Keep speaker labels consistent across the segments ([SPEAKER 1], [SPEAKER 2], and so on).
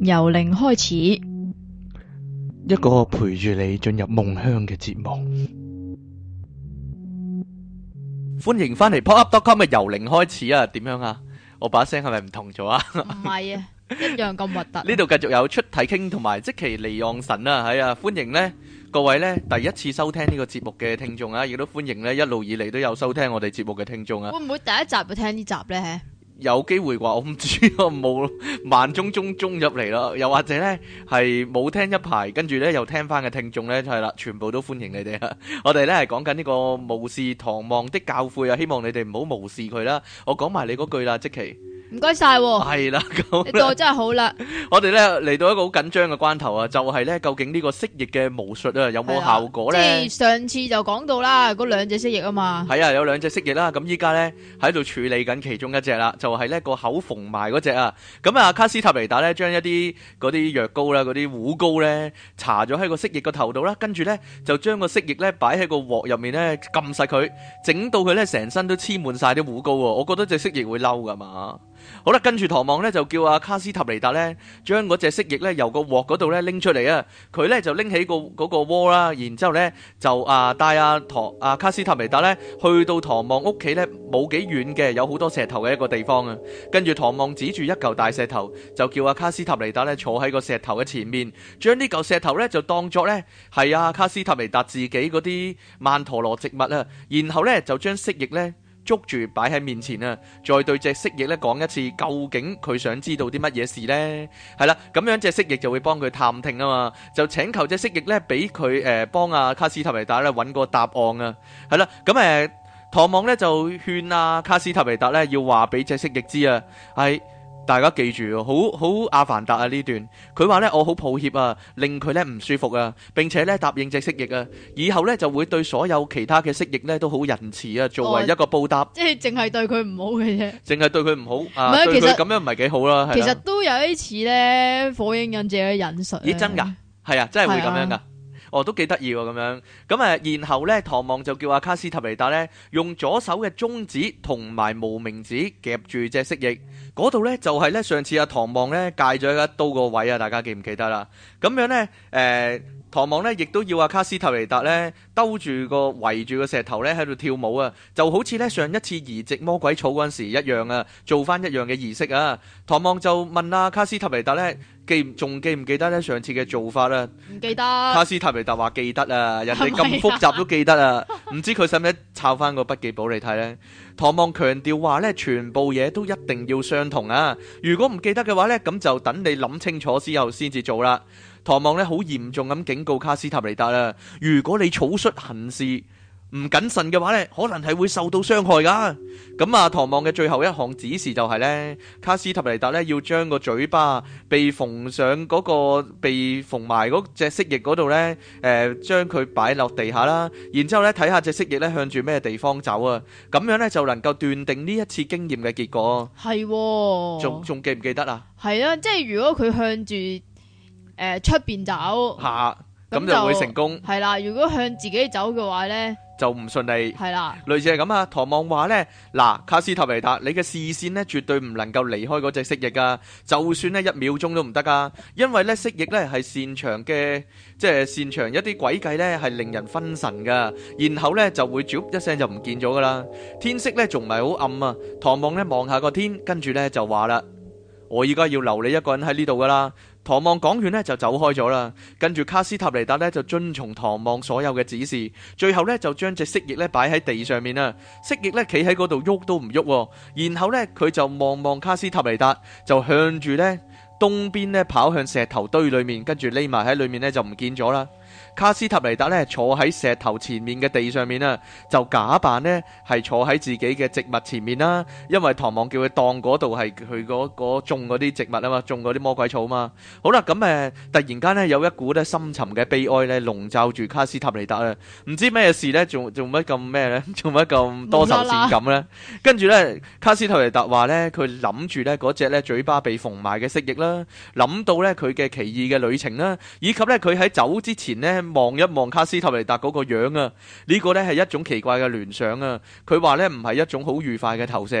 [SPEAKER 1] 由零開始，
[SPEAKER 2] 一個陪住你進入夢鄉嘅節目。歡迎翻嚟 pod up dot com 由零開始啊！點樣啊？我把聲係咪唔同咗啊？
[SPEAKER 1] 唔係啊， 一樣咁核突。呢
[SPEAKER 2] 度繼續有出體傾，同埋即其利昂神啊！喺啊，歡迎呢各位呢第一次收聽呢個節目嘅聽眾啊，亦都歡迎呢一路以嚟都有收聽我哋節目嘅聽眾啊。會
[SPEAKER 1] 唔會第一集會聽呢集呢？
[SPEAKER 2] 有機會啩，我唔知， 我冇慢鐘鐘鐘入嚟咯，又或者呢，係冇聽一排，跟住呢又聽翻嘅聽眾呢，就係啦，全部都歡迎你哋啊！ 我哋呢係講緊呢個巫士唐望的教誨啊，希望你哋唔好無視佢啦。我講埋你嗰句啦，積奇。唔該晒，係啦， 你對我真係好啦。 我哋咧嚟到一個好緊張嘅關頭、就是、呢有有呢啊，就係咧究竟呢個蜥蜴嘅巫術啊有冇效果咧？即
[SPEAKER 1] 係上次就講到啦，嗰兩隻蜥蜴啊嘛。
[SPEAKER 2] 係 啊，有兩隻蜥蜴啦。咁依家咧喺度處理緊其中一隻啦，就係、是、呢個口縫埋嗰隻啊。咁啊，卡斯塔尼達咧將一啲嗰啲藥膏啦，嗰啲糊膏咧搽咗喺個蜥蜴個頭度啦，跟住咧就將個蜥蜴咧擺喺個鑊入面咧撳實佢，整到佢咧成身都黐滿晒啲糊膏。我覺得隻蜥蜴會嬲噶嘛。好啦，跟住唐望咧就叫阿卡斯塔尼達咧，將嗰隻蜥蜴咧由個鑊嗰度咧拎出嚟啊！佢咧就拎起個嗰個鑊啦，然之後咧就啊帶阿唐阿卡斯塔尼達咧去到唐望屋企咧冇幾遠嘅，有好多石頭嘅一個地方啊！跟住唐望指住一嚿大石頭，就叫阿卡斯塔尼達咧坐喺個石頭嘅前面，將呢嚿石頭咧就當作咧係阿卡斯塔尼達自己嗰啲曼陀羅植物啊，然後咧就將蜥蜴咧。捉住擺喺面前啊！再對隻蜥蜴咧講一次，究竟佢想知道啲乜嘢事咧？係啦，咁樣隻蜥蜴就會幫佢探聽啊嘛！就請求隻蜥蜴咧，俾佢誒幫阿卡斯提維達咧搵個答案啊！係啦，咁誒，唐望咧就勸阿卡斯提維達咧要話俾隻蜥蜴知啊，係。大家記住，好好阿凡達啊呢段，佢話咧我好抱歉啊，令佢咧唔舒服啊，並且咧答應隻蜥蜴啊，以後咧就會對所有其他嘅蜥蜴咧都好仁慈啊，作為一個報答，哦、
[SPEAKER 1] 即係淨係對佢唔好嘅啫，
[SPEAKER 2] 淨係對佢唔好唔係啊，其實咁、啊、樣唔係幾好啦，啊、其實
[SPEAKER 1] 都有啲似咧火影忍者嘅忍術，咦真
[SPEAKER 2] 㗎，係啊，真係會咁樣㗎。哦，都幾得意喎咁樣，咁誒，然後咧，唐望就叫阿卡斯塔尼達咧，用左手嘅中指同埋無名指夾住隻蜥蜴，嗰度咧就係、是、咧上次阿、啊、唐望咧戒咗一刀個位啊，大家記唔記得啦？咁樣咧，誒、呃。嗯。唐望咧，亦都要阿卡斯塔利達咧，兜住個圍住個石頭咧，喺度跳舞啊，就好似咧上一次移植魔鬼草嗰陣時一樣啊，做翻一樣嘅儀式啊。唐望就問阿、啊、卡斯塔利達咧，記仲記唔記得咧上次嘅做法啊？
[SPEAKER 1] 唔記得。卡斯
[SPEAKER 2] 塔利達話記得啊，人哋咁複雜都記得啊，唔、啊、知佢使唔使抄翻個筆記簿嚟睇咧？唐望強調話咧，全部嘢都一定要相同啊，如果唔記得嘅話咧，咁就等你諗清楚之後先至做啦。唐望咧好嚴重咁警告卡斯塔尼達啦，如果你草率行事唔謹慎嘅話咧，可能係會受到傷害噶。咁啊，唐望嘅最後一項指示就係咧，卡斯塔尼達咧要將個嘴巴被縫上嗰個被縫埋嗰隻蜥蜴嗰度咧，誒，將佢擺落地下啦，然之後咧睇下隻蜥蜴咧向住咩地方走啊，咁樣咧就能夠斷定呢一次經驗嘅結果。
[SPEAKER 1] 係，仲
[SPEAKER 2] 仲記唔記得啊？
[SPEAKER 1] 係啊，即係如果佢向住。誒，出邊、呃、走，
[SPEAKER 2] 吓、啊，咁就會成功。係
[SPEAKER 1] 啦，如果向自己走嘅話呢，
[SPEAKER 2] 就唔順利。係啦的，類似係咁啊。唐望話呢，嗱，卡斯塔維達，你嘅視線咧絕對唔能夠離開嗰隻蜥蜴噶，就算咧一秒鐘都唔得噶，因為呢蜥蜴咧係擅長嘅，即係擅長一啲詭計呢係令人分神噶，然後呢，就會啾一聲就唔見咗噶啦。天色呢仲唔係好暗啊，唐望呢望下個天，跟住呢就話啦，我而家要留你一個人喺呢度噶啦。唐望講完咧就走開咗啦，跟住卡斯塔尼達咧就遵從唐望所有嘅指示，最後咧就將隻蜥蜴咧擺喺地上面啦，蜥蜴咧企喺嗰度喐都唔喐，然後咧佢就望望卡斯塔尼達，就向住咧東邊咧跑向石頭堆裏面，跟住匿埋喺裏面咧就唔見咗啦。卡斯塔尼達咧坐喺石頭前面嘅地上面啊，就假扮咧係坐喺自己嘅植物前面啦，因為唐望叫佢當嗰度係佢嗰嗰種嗰啲植物啊嘛，種嗰啲魔鬼草啊嘛。好啦，咁、嗯、誒突然間咧有一股咧深沉嘅悲哀咧籠罩住卡斯塔尼達啦，唔知咩事咧，做做乜咁咩咧，做乜咁多愁善感咧？跟住咧，卡斯塔尼達話咧，佢諗住咧嗰隻咧嘴巴被縫埋嘅蜥蜴啦，諗到咧佢嘅奇異嘅旅程啦，以及咧佢喺走之前咧。望一望卡斯塔尼達嗰個樣啊，呢個呢係一種奇怪嘅聯想啊。佢話呢唔係一種好愉快嘅投射，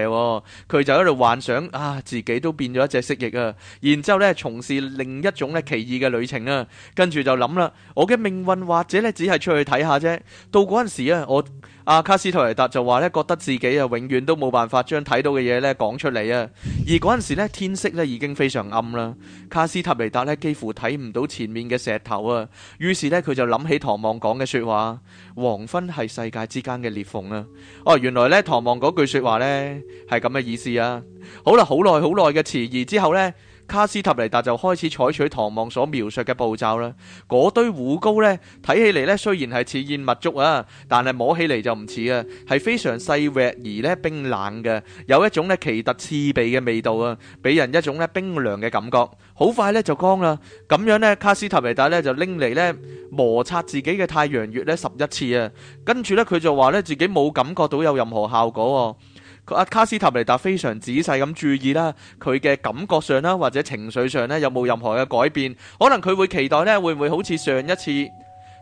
[SPEAKER 2] 佢就喺度幻想啊，自己都變咗一隻蜥蜴啊。然之後呢從事另一種咧奇異嘅旅程啊。跟住就諗啦，我嘅命運或者呢只係出去睇下啫。到嗰陣時啊，我。阿、啊、卡斯提尼達就話咧，覺得自己啊永遠都冇辦法將睇到嘅嘢咧講出嚟啊！而嗰陣時咧，天色咧已經非常暗啦，卡斯提尼達咧幾乎睇唔到前面嘅石頭啊！於是咧佢就諗起唐望講嘅說話，黃昏係世界之間嘅裂縫啦！哦、啊，原來咧唐望嗰句說話咧係咁嘅意思啊！好啦，好耐好耐嘅遲疑之後咧。卡斯塔尼達就開始採取唐望所描述嘅步驟啦。嗰堆糊膏呢睇起嚟咧雖然係似燕麥粥啊，但係摸起嚟就唔似啊，係非常細滑而咧冰冷嘅，有一種咧奇特刺鼻嘅味道啊，俾人一種咧冰涼嘅感覺。好快呢就乾啦。咁樣呢，卡斯塔尼達呢就拎嚟呢摩擦自己嘅太陽穴呢十一次啊，跟住呢，佢就話呢，自己冇感覺到有任何效果喎。阿卡斯塔尼達非常仔細咁注意啦，佢嘅感覺上啦，或者情緒上咧，有冇任何嘅改變？可能佢會期待咧，會唔會好似上一次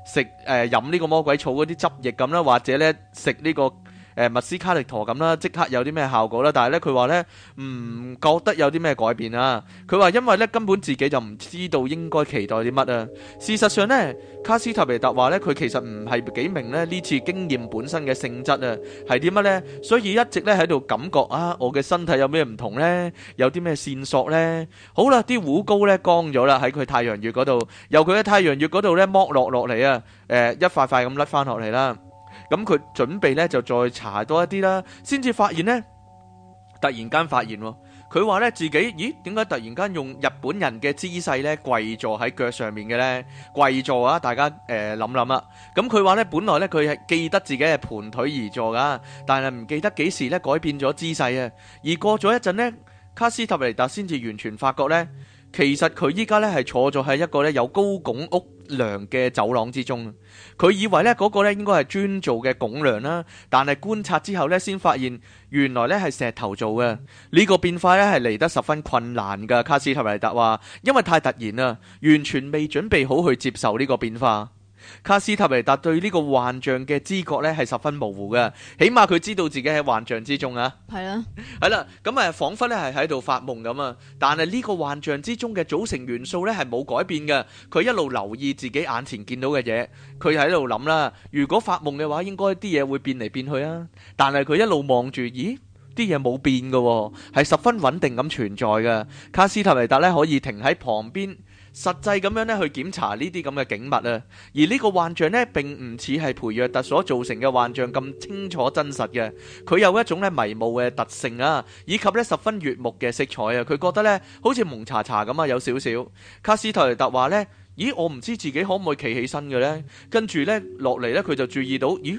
[SPEAKER 2] 食誒、呃、飲呢個魔鬼草嗰啲汁液咁啦？或者咧食呢、呢個？誒，密斯卡力陀咁啦，即刻有啲咩效果啦？但係咧，佢話咧唔覺得有啲咩改變啊。佢話因為咧根本自己就唔知道應該期待啲乜啊。事實上咧，卡斯塔尼達話咧，佢其實唔係幾明咧呢次經驗本身嘅性質啊，係啲乜咧？所以一直咧喺度感覺啊，我嘅身體有咩唔同咧？有啲咩線索咧？好啦，啲糊膏咧乾咗啦，喺佢太陽穴嗰度，由佢嘅太陽穴嗰度咧剝落落嚟啊！誒，一塊塊咁甩翻落嚟啦。咁佢準備咧就再查多一啲啦，先至發現呢，突然間發現喎、哦，佢話咧自己咦點解突然間用日本人嘅姿勢咧跪坐喺腳上面嘅呢？跪坐啊！大家誒諗諗啊。咁佢話咧，本來咧佢係記得自己係盤腿而坐噶，但係唔記得幾時咧改變咗姿勢啊。而過咗一陣呢，卡斯塔尼達先至完全發覺呢。其實佢依家咧係坐咗喺一個咧有高拱屋梁嘅走廊之中，佢以為咧嗰個咧應該係磚做嘅拱梁啦，但係觀察之後咧先發現原來咧係石頭做嘅。呢個變化咧係嚟得十分困難噶，卡斯特維達話，因為太突然啦，完全未準備好去接受呢個變化。卡斯塔尼達對呢個幻象嘅知覺呢係十分模糊嘅，起碼佢知道自己喺幻象之中啊。係啊，係 啦，咁誒， 仿佛呢係喺度發夢咁啊。但係呢個幻象之中嘅組成元素呢係冇改變嘅。佢一路留意自己眼前見到嘅嘢，佢喺度諗啦。如果發夢嘅話，應該啲嘢會變嚟變去啊。但係佢一路望住，咦，啲嘢冇變嘅，啊，係十分穩定咁存在嘅。卡斯塔尼達呢可以停喺旁邊實際咁樣咧去檢查呢啲咁嘅景物啊，而呢個幻象咧並唔似係培約特所造成嘅幻象咁清楚真實嘅，佢有一種咧迷霧嘅特性啊，以及咧十分悦目嘅色彩啊，佢覺得咧好似蒙查查咁啊，有少少。卡斯特雷特話咧：咦，我唔知自己可唔可以企起身嘅咧？跟住咧落嚟咧，佢就注意到，咦？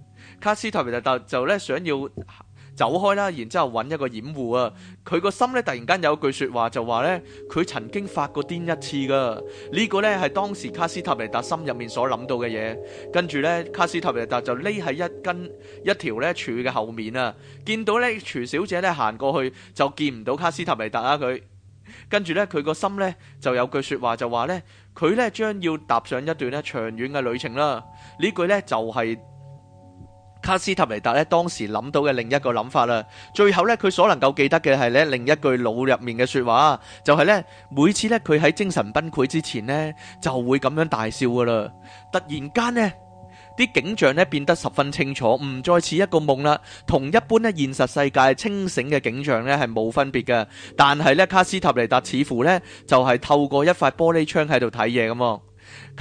[SPEAKER 2] 卡斯提皮達就就咧想要走開啦，然之後搵一個掩護啊，佢個心咧突然間有句說話就話咧，佢曾經發過癲一次噶。呢個咧係當時卡斯提皮達心入面所諗到嘅嘢。跟住咧，卡斯提皮達就匿喺一根一條咧柱嘅後面啊，見到咧廚小姐咧行過去，就見唔到卡斯提皮達啊，佢。跟住咧，佢個心咧就有句說話就話咧，佢咧將要踏上一段咧長遠嘅旅程啦。呢句咧就係。卡斯塔尼達咧，當時諗到嘅另一個諗法啦。最後咧，佢所能夠記得嘅係咧另一句腦入面嘅説話，就係咧每次咧佢喺精神崩潰之前呢，就會咁樣大笑噶啦。突然間呢，啲景象咧變得十分清楚，唔再似一個夢啦，同一般咧現實世界清醒嘅景象咧係冇分別嘅。但係咧，卡斯塔尼達似乎咧就係透過一塊玻璃窗喺度睇嘢咁。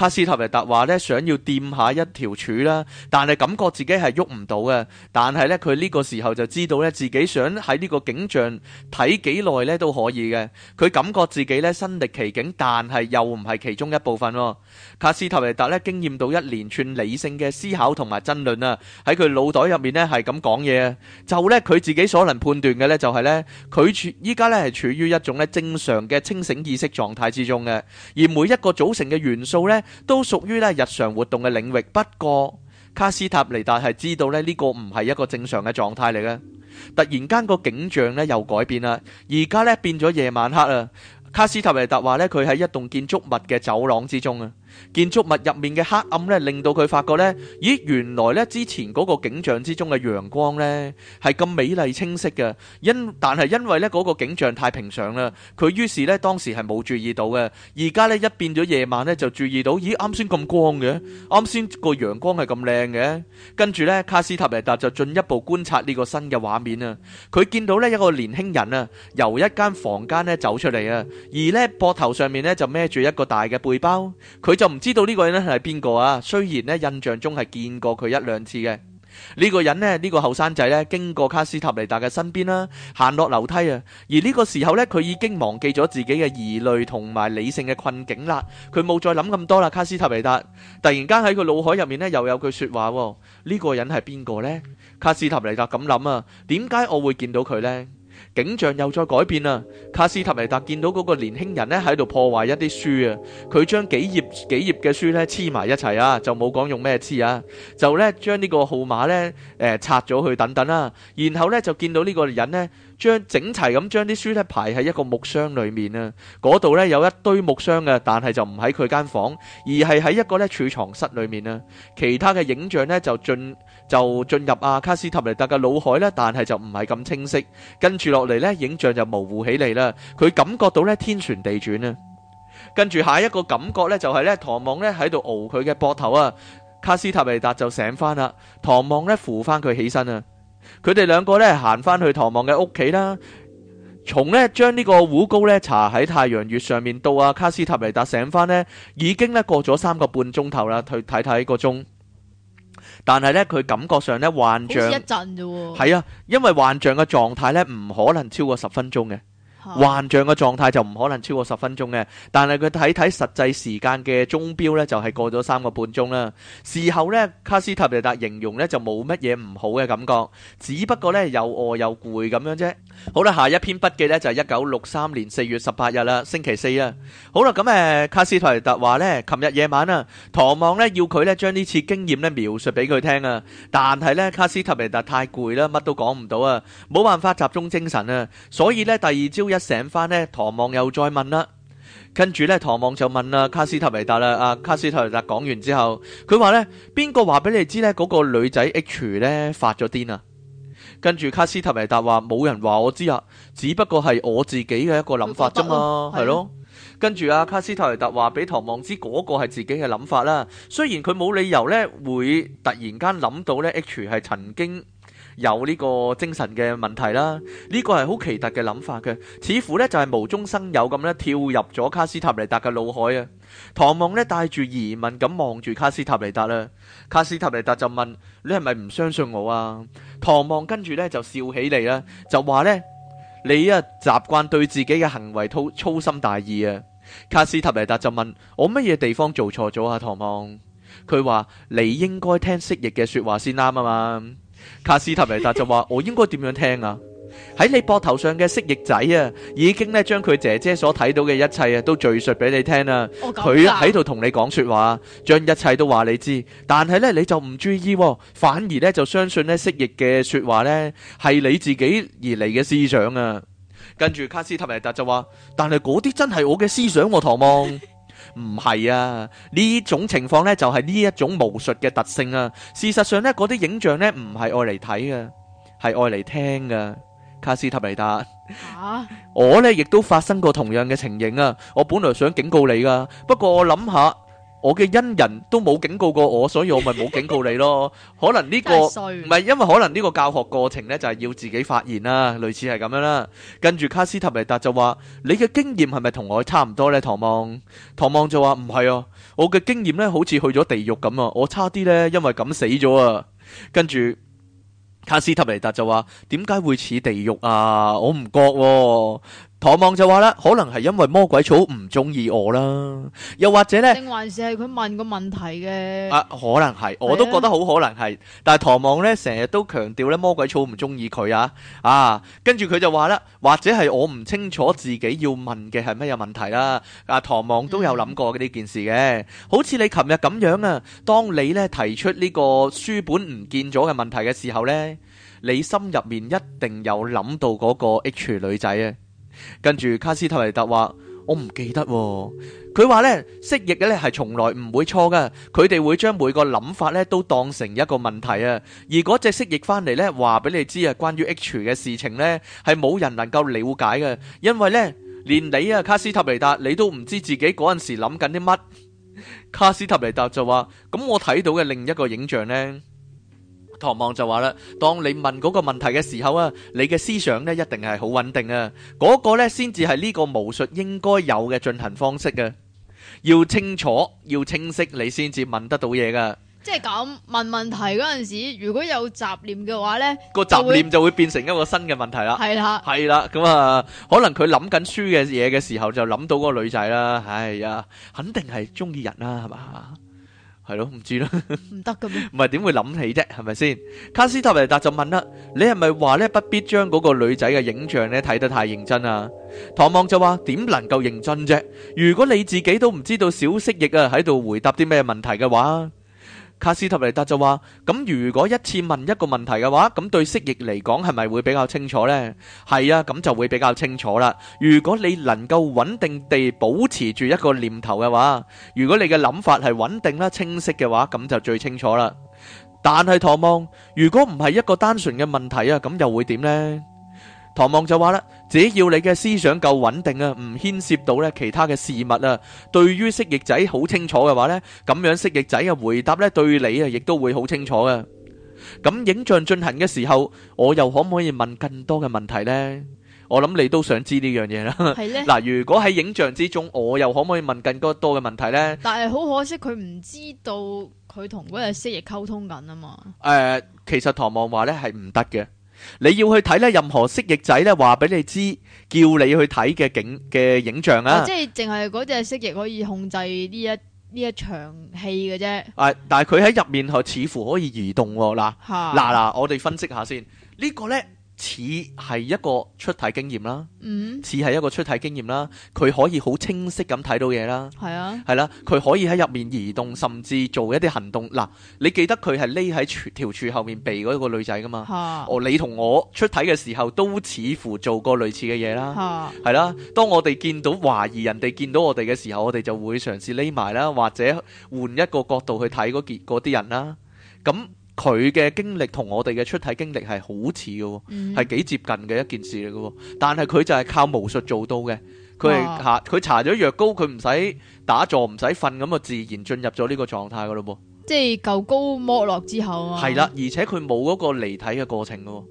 [SPEAKER 2] 卡斯特維達話咧，想要掂下一條柱啦，但係感覺自己係喐唔到嘅。但係咧，佢呢個時候就知道咧，自己想喺呢個景象睇幾耐咧都可以嘅。佢感覺自己咧身歷其境，但係又唔係其中一部分。卡斯特維達咧，經驗到一連串理性嘅思考同埋爭論啦，喺佢腦袋入面咧係咁講嘢啊。就咧佢自己所能判斷嘅咧，就係咧佢處依家咧係處於一種咧正常嘅清醒意識狀態之中嘅，而每一個組成嘅元素咧，都屬於咧日常活動嘅領域。不過卡不，卡斯塔尼達係知道咧呢個唔係一個正常嘅狀態嚟嘅。突然間個景象咧又改變啦，而家咧變咗夜晚黑啦。卡斯塔尼達話咧佢喺一棟建築物嘅走廊之中啊。建築物入面嘅黑暗咧，令到佢發覺呢，咦，原來呢之前嗰個景象之中嘅陽光呢係咁美麗清晰嘅，因但係因為呢嗰個景象太平常啦，佢於是呢當時係冇注意到嘅，而家呢一變咗夜晚呢就注意到，咦，啱先咁光嘅，啱先個陽光係咁靚嘅，跟住呢卡斯塔尼達就進一步觀察呢個新嘅畫面啊，佢見到呢一個年輕人啊，由一間房間呢走出嚟啊，而呢膊頭上面呢就孭住一個大嘅背包，佢。就唔知道呢個人咧係邊個啊？雖然咧印象中係見過佢一兩次嘅，呢個人呢，呢個後生仔咧經過卡斯塔尼達嘅身邊啦，行落樓梯啊。而呢個時候咧佢已經忘記咗自己嘅疑慮同埋理性嘅困境啦，佢冇再諗咁多啦。卡斯塔尼達突然間喺佢腦海入面咧又有句說話喎，「呢個人係邊個呢？」卡斯塔尼達咁諗啊，點解我會見到佢呢？景象又再改變啦，卡斯塔尼達見到嗰個年輕人咧喺度破壞一啲書啊，佢將幾頁幾頁嘅書咧黐埋一齊啊，就冇講用咩黐啊，就咧將呢個號碼呢誒拆咗去等等啦，然後呢，就見到呢個人呢，將整齊咁將啲書呢排喺一個木箱裏面啊。嗰度呢有一堆木箱嘅，但係就唔喺佢間房，而係喺一個咧儲藏室裏面啊。其他嘅影像呢，就進。就進入阿卡斯塔尼達嘅腦海啦，但係就唔係咁清晰。跟住落嚟呢，影像就模糊起嚟啦。佢感覺到呢，天旋地轉啊！跟住下一個感覺呢，就係呢，唐望呢喺度熬佢嘅膊頭啊。卡斯塔尼達就醒翻啦，唐望呢扶翻佢起身啊。佢哋兩個呢，行翻去唐望嘅屋企啦。從呢將呢個糊膏呢搽喺太陽穴上面到阿卡斯塔尼達醒翻呢已經呢過咗三個半鐘頭啦。去睇睇個鐘。但係咧，佢感覺上咧幻象好一陣
[SPEAKER 1] 啫。係啊，
[SPEAKER 2] 因為幻象嘅狀態咧，唔可能超過十分鐘嘅。幻象嘅狀態就唔可能超過十分鐘嘅，但係佢睇睇實際時間嘅鐘錶呢，就係過咗三個半鐘啦。事後呢，卡斯特尼達形容呢就冇乜嘢唔好嘅感覺，只不過呢又餓又攰咁樣啫。好啦，下一篇筆記呢就係一九六三年四月十八日啦，星期四啊。好啦，咁誒卡斯特尼達話呢，琴日夜晚啊，唐望呢要佢呢將呢次經驗呢描述俾佢聽啊，但係呢，卡斯特尼達太攰啦，乜都講唔到啊，冇辦法集中精神啊，所以呢，第二朝。一醒翻呢，唐望又再問啦，跟住呢，唐望就問啦、啊啊，卡斯特維達啦，阿卡斯特維達講完之後，佢話呢邊個話俾你知呢嗰、那個女仔 H 呢發咗癲啊！跟住卡斯特維達話冇人話我知啊，只不過係我自己嘅一個諗法啫嘛，係咯。跟住阿卡斯特維達話俾唐望知嗰個係自己嘅諗法啦，雖然佢冇理由呢會突然間諗到呢 H 係曾經。有呢個精神嘅問題啦，呢個係好奇特嘅諗法嘅，似乎呢就係無中生有咁呢跳入咗卡斯塔尼達嘅腦海啊。唐望呢帶住疑問咁望住卡斯塔尼達啦，卡斯塔尼達就問你係咪唔相信我啊？唐望跟住呢就笑起嚟啦，就話呢：「你啊習慣對自己嘅行為粗心大意啊。」卡斯塔尼達就問我乜嘢地方做錯咗啊？唐望佢話你應該聽蜥蜴嘅説話先啱啊嘛。卡斯塔梅達就話：我應該點樣聽啊？喺你膊頭上嘅蜥蜴仔啊，已經咧將佢姐姐所睇到嘅一切啊都敘述俾你聽啊。佢喺度同你講說話，將一切都話你知。但係咧你就唔注意，反而咧就相信咧蜥蜴嘅說話咧係你自己而嚟嘅思想啊。跟住卡斯塔梅達就話：但係嗰啲真係我嘅思想喎、啊、唐望。唔係啊，呢種情況呢就係呢一種巫術嘅特性啊。事實上呢，嗰啲影像呢唔係愛嚟睇嘅，係愛嚟聽嘅。卡斯塔尼達，我呢亦都發生過同樣嘅情形啊。我本來想警告你噶啊，不過我諗下。我嘅恩人都冇警告過我，所以我咪冇警告你咯。 可能呢、呢個唔係因為可能呢個教學過程呢，就係、是、要自己發言啦、啊，類似係咁樣啦、啊。跟住卡斯塔尼達就話：你嘅經驗係咪同我差唔多呢？唐望，唐望就話唔係啊，我嘅經驗呢，好似去咗地獄咁啊！我差啲呢，因為咁死咗啊！跟住卡斯塔尼達就話：點解會似地獄啊？我唔覺喎、哦。唐望就話啦，可能係因為魔鬼草唔中意我啦，又或者呢，定
[SPEAKER 1] 還是係佢問個問題嘅啊？
[SPEAKER 2] 可能係我都覺得好可能係，的但係唐望呢，成日都強調咧魔鬼草唔中意佢啊啊，跟住佢就話啦，或者係我唔清楚自己要問嘅係咩問題啦、啊。啊，唐望都有諗過呢件事嘅，嗯、好似你琴日咁樣啊，當你呢提出呢個書本唔見咗嘅問題嘅時候呢，你心入面一定有諗到嗰個 H 女仔啊。跟住卡斯塔尼達話：，我唔記得啊。佢話呢，蜥蜴嘅咧係從來唔會錯嘅，佢哋會將每個諗法咧都當成一個問題啊。而嗰隻蜥蜴翻嚟咧，話俾你知啊，關於 H 嘅事情呢，係冇人能夠了解嘅，因為呢，連你啊，卡斯塔尼達，你都唔知自己嗰陣時諗緊啲乜。 卡斯塔尼達就話：，咁我睇到嘅另一個影像呢。」唐望就話啦，當你問嗰個問題嘅時候啊，你嘅思想咧一定係好穩定啊，嗰個咧先至係呢個巫術應該有嘅進行方式啊，要清楚，要清晰，你先至問得到嘢噶。
[SPEAKER 1] 即係咁問問題嗰陣時，如果有雜念嘅話咧，個雜念
[SPEAKER 2] 就會變成一個新嘅問題啦。係啦，係啦，咁啊，可能佢諗緊書嘅嘢嘅時候就諗到嗰個女仔啦。唉呀，肯定係中意人啦，係嘛？係咯，唔知啦，唔得噶咩？唔係點會諗起啫？係咪先？卡斯塔維達就問啦：你係咪話呢？不必將嗰個女仔嘅影像呢睇得太認真啊？唐望就話：點能夠認真啫？如果你自己都唔知道小蜥蜴啊喺度回答啲咩問題嘅話。卡斯塔尼達就話：咁如果一次問一個問題嘅話，咁對蜥蜴嚟講係咪會比較清楚呢？係啊，咁就會比較清楚啦。如果你能夠穩定地保持住一個念頭嘅話，如果你嘅諗法係穩定啦、清晰嘅話，咁就最清楚啦。但係唐望，如果唔係一個單純嘅問題啊，咁又會點呢？唐望就話啦，只要你嘅思想夠穩定，唔牽涉到其他嘅事物啦，對於蜥蜴仔好清楚嘅話呢，咁樣蜥蜴仔嘅回答呢，對你亦都會好清楚嘅。咁影像進行嘅時候，我又可唔可以問更多嘅問題呢？我諗你都想知呢樣嘢啦。係呢？嗱，如果喺影像之中，我又可唔可以問更多嘅問題呢？
[SPEAKER 1] 但係好可惜佢唔知道佢同嗰隻蜥蜴溝通緊㗎嘛。
[SPEAKER 2] 其實 唐望話呢，係唔得嘅。你要去睇咧，任何蜥蜴仔咧，話俾你知，叫你去睇嘅景嘅影像啊！即係
[SPEAKER 1] 淨係嗰隻蜥蜴可以控制呢一呢一場戲嘅啫。
[SPEAKER 2] 啊！但係佢喺入面佢似乎可以移動喎。嗱嗱嗱，我哋分析下先，這個、呢個咧。似係一個出體經驗啦，似係、嗯、一個出體經驗啦。佢可以好清晰咁睇到嘢啦，係啊，係啦。佢可以喺入面移動，甚至做一啲行動。嗱，你記得佢係匿喺條柱後面避嗰個女仔㗎嘛？啊、哦，你同我出體嘅時候都似乎做過類似嘅嘢啦，係、啊、啦。當我哋見到懷疑人哋見到我哋嘅時候，我哋就會嘗試匿埋啦，或者換一個角度去睇嗰啲人啦。咁。佢嘅經歷同我哋嘅出體經歷係好似嘅，係、嗯、幾接近嘅一件事嚟嘅。但係佢就係靠巫術做到嘅。佢係吓佢搽咗藥膏，佢唔使打坐，唔使瞓，咁啊自然進入咗呢個狀態噶咯噃。
[SPEAKER 1] 即係舊膏剝落之後、啊，係啦，
[SPEAKER 2] 而且佢冇嗰個離體嘅過程嘅。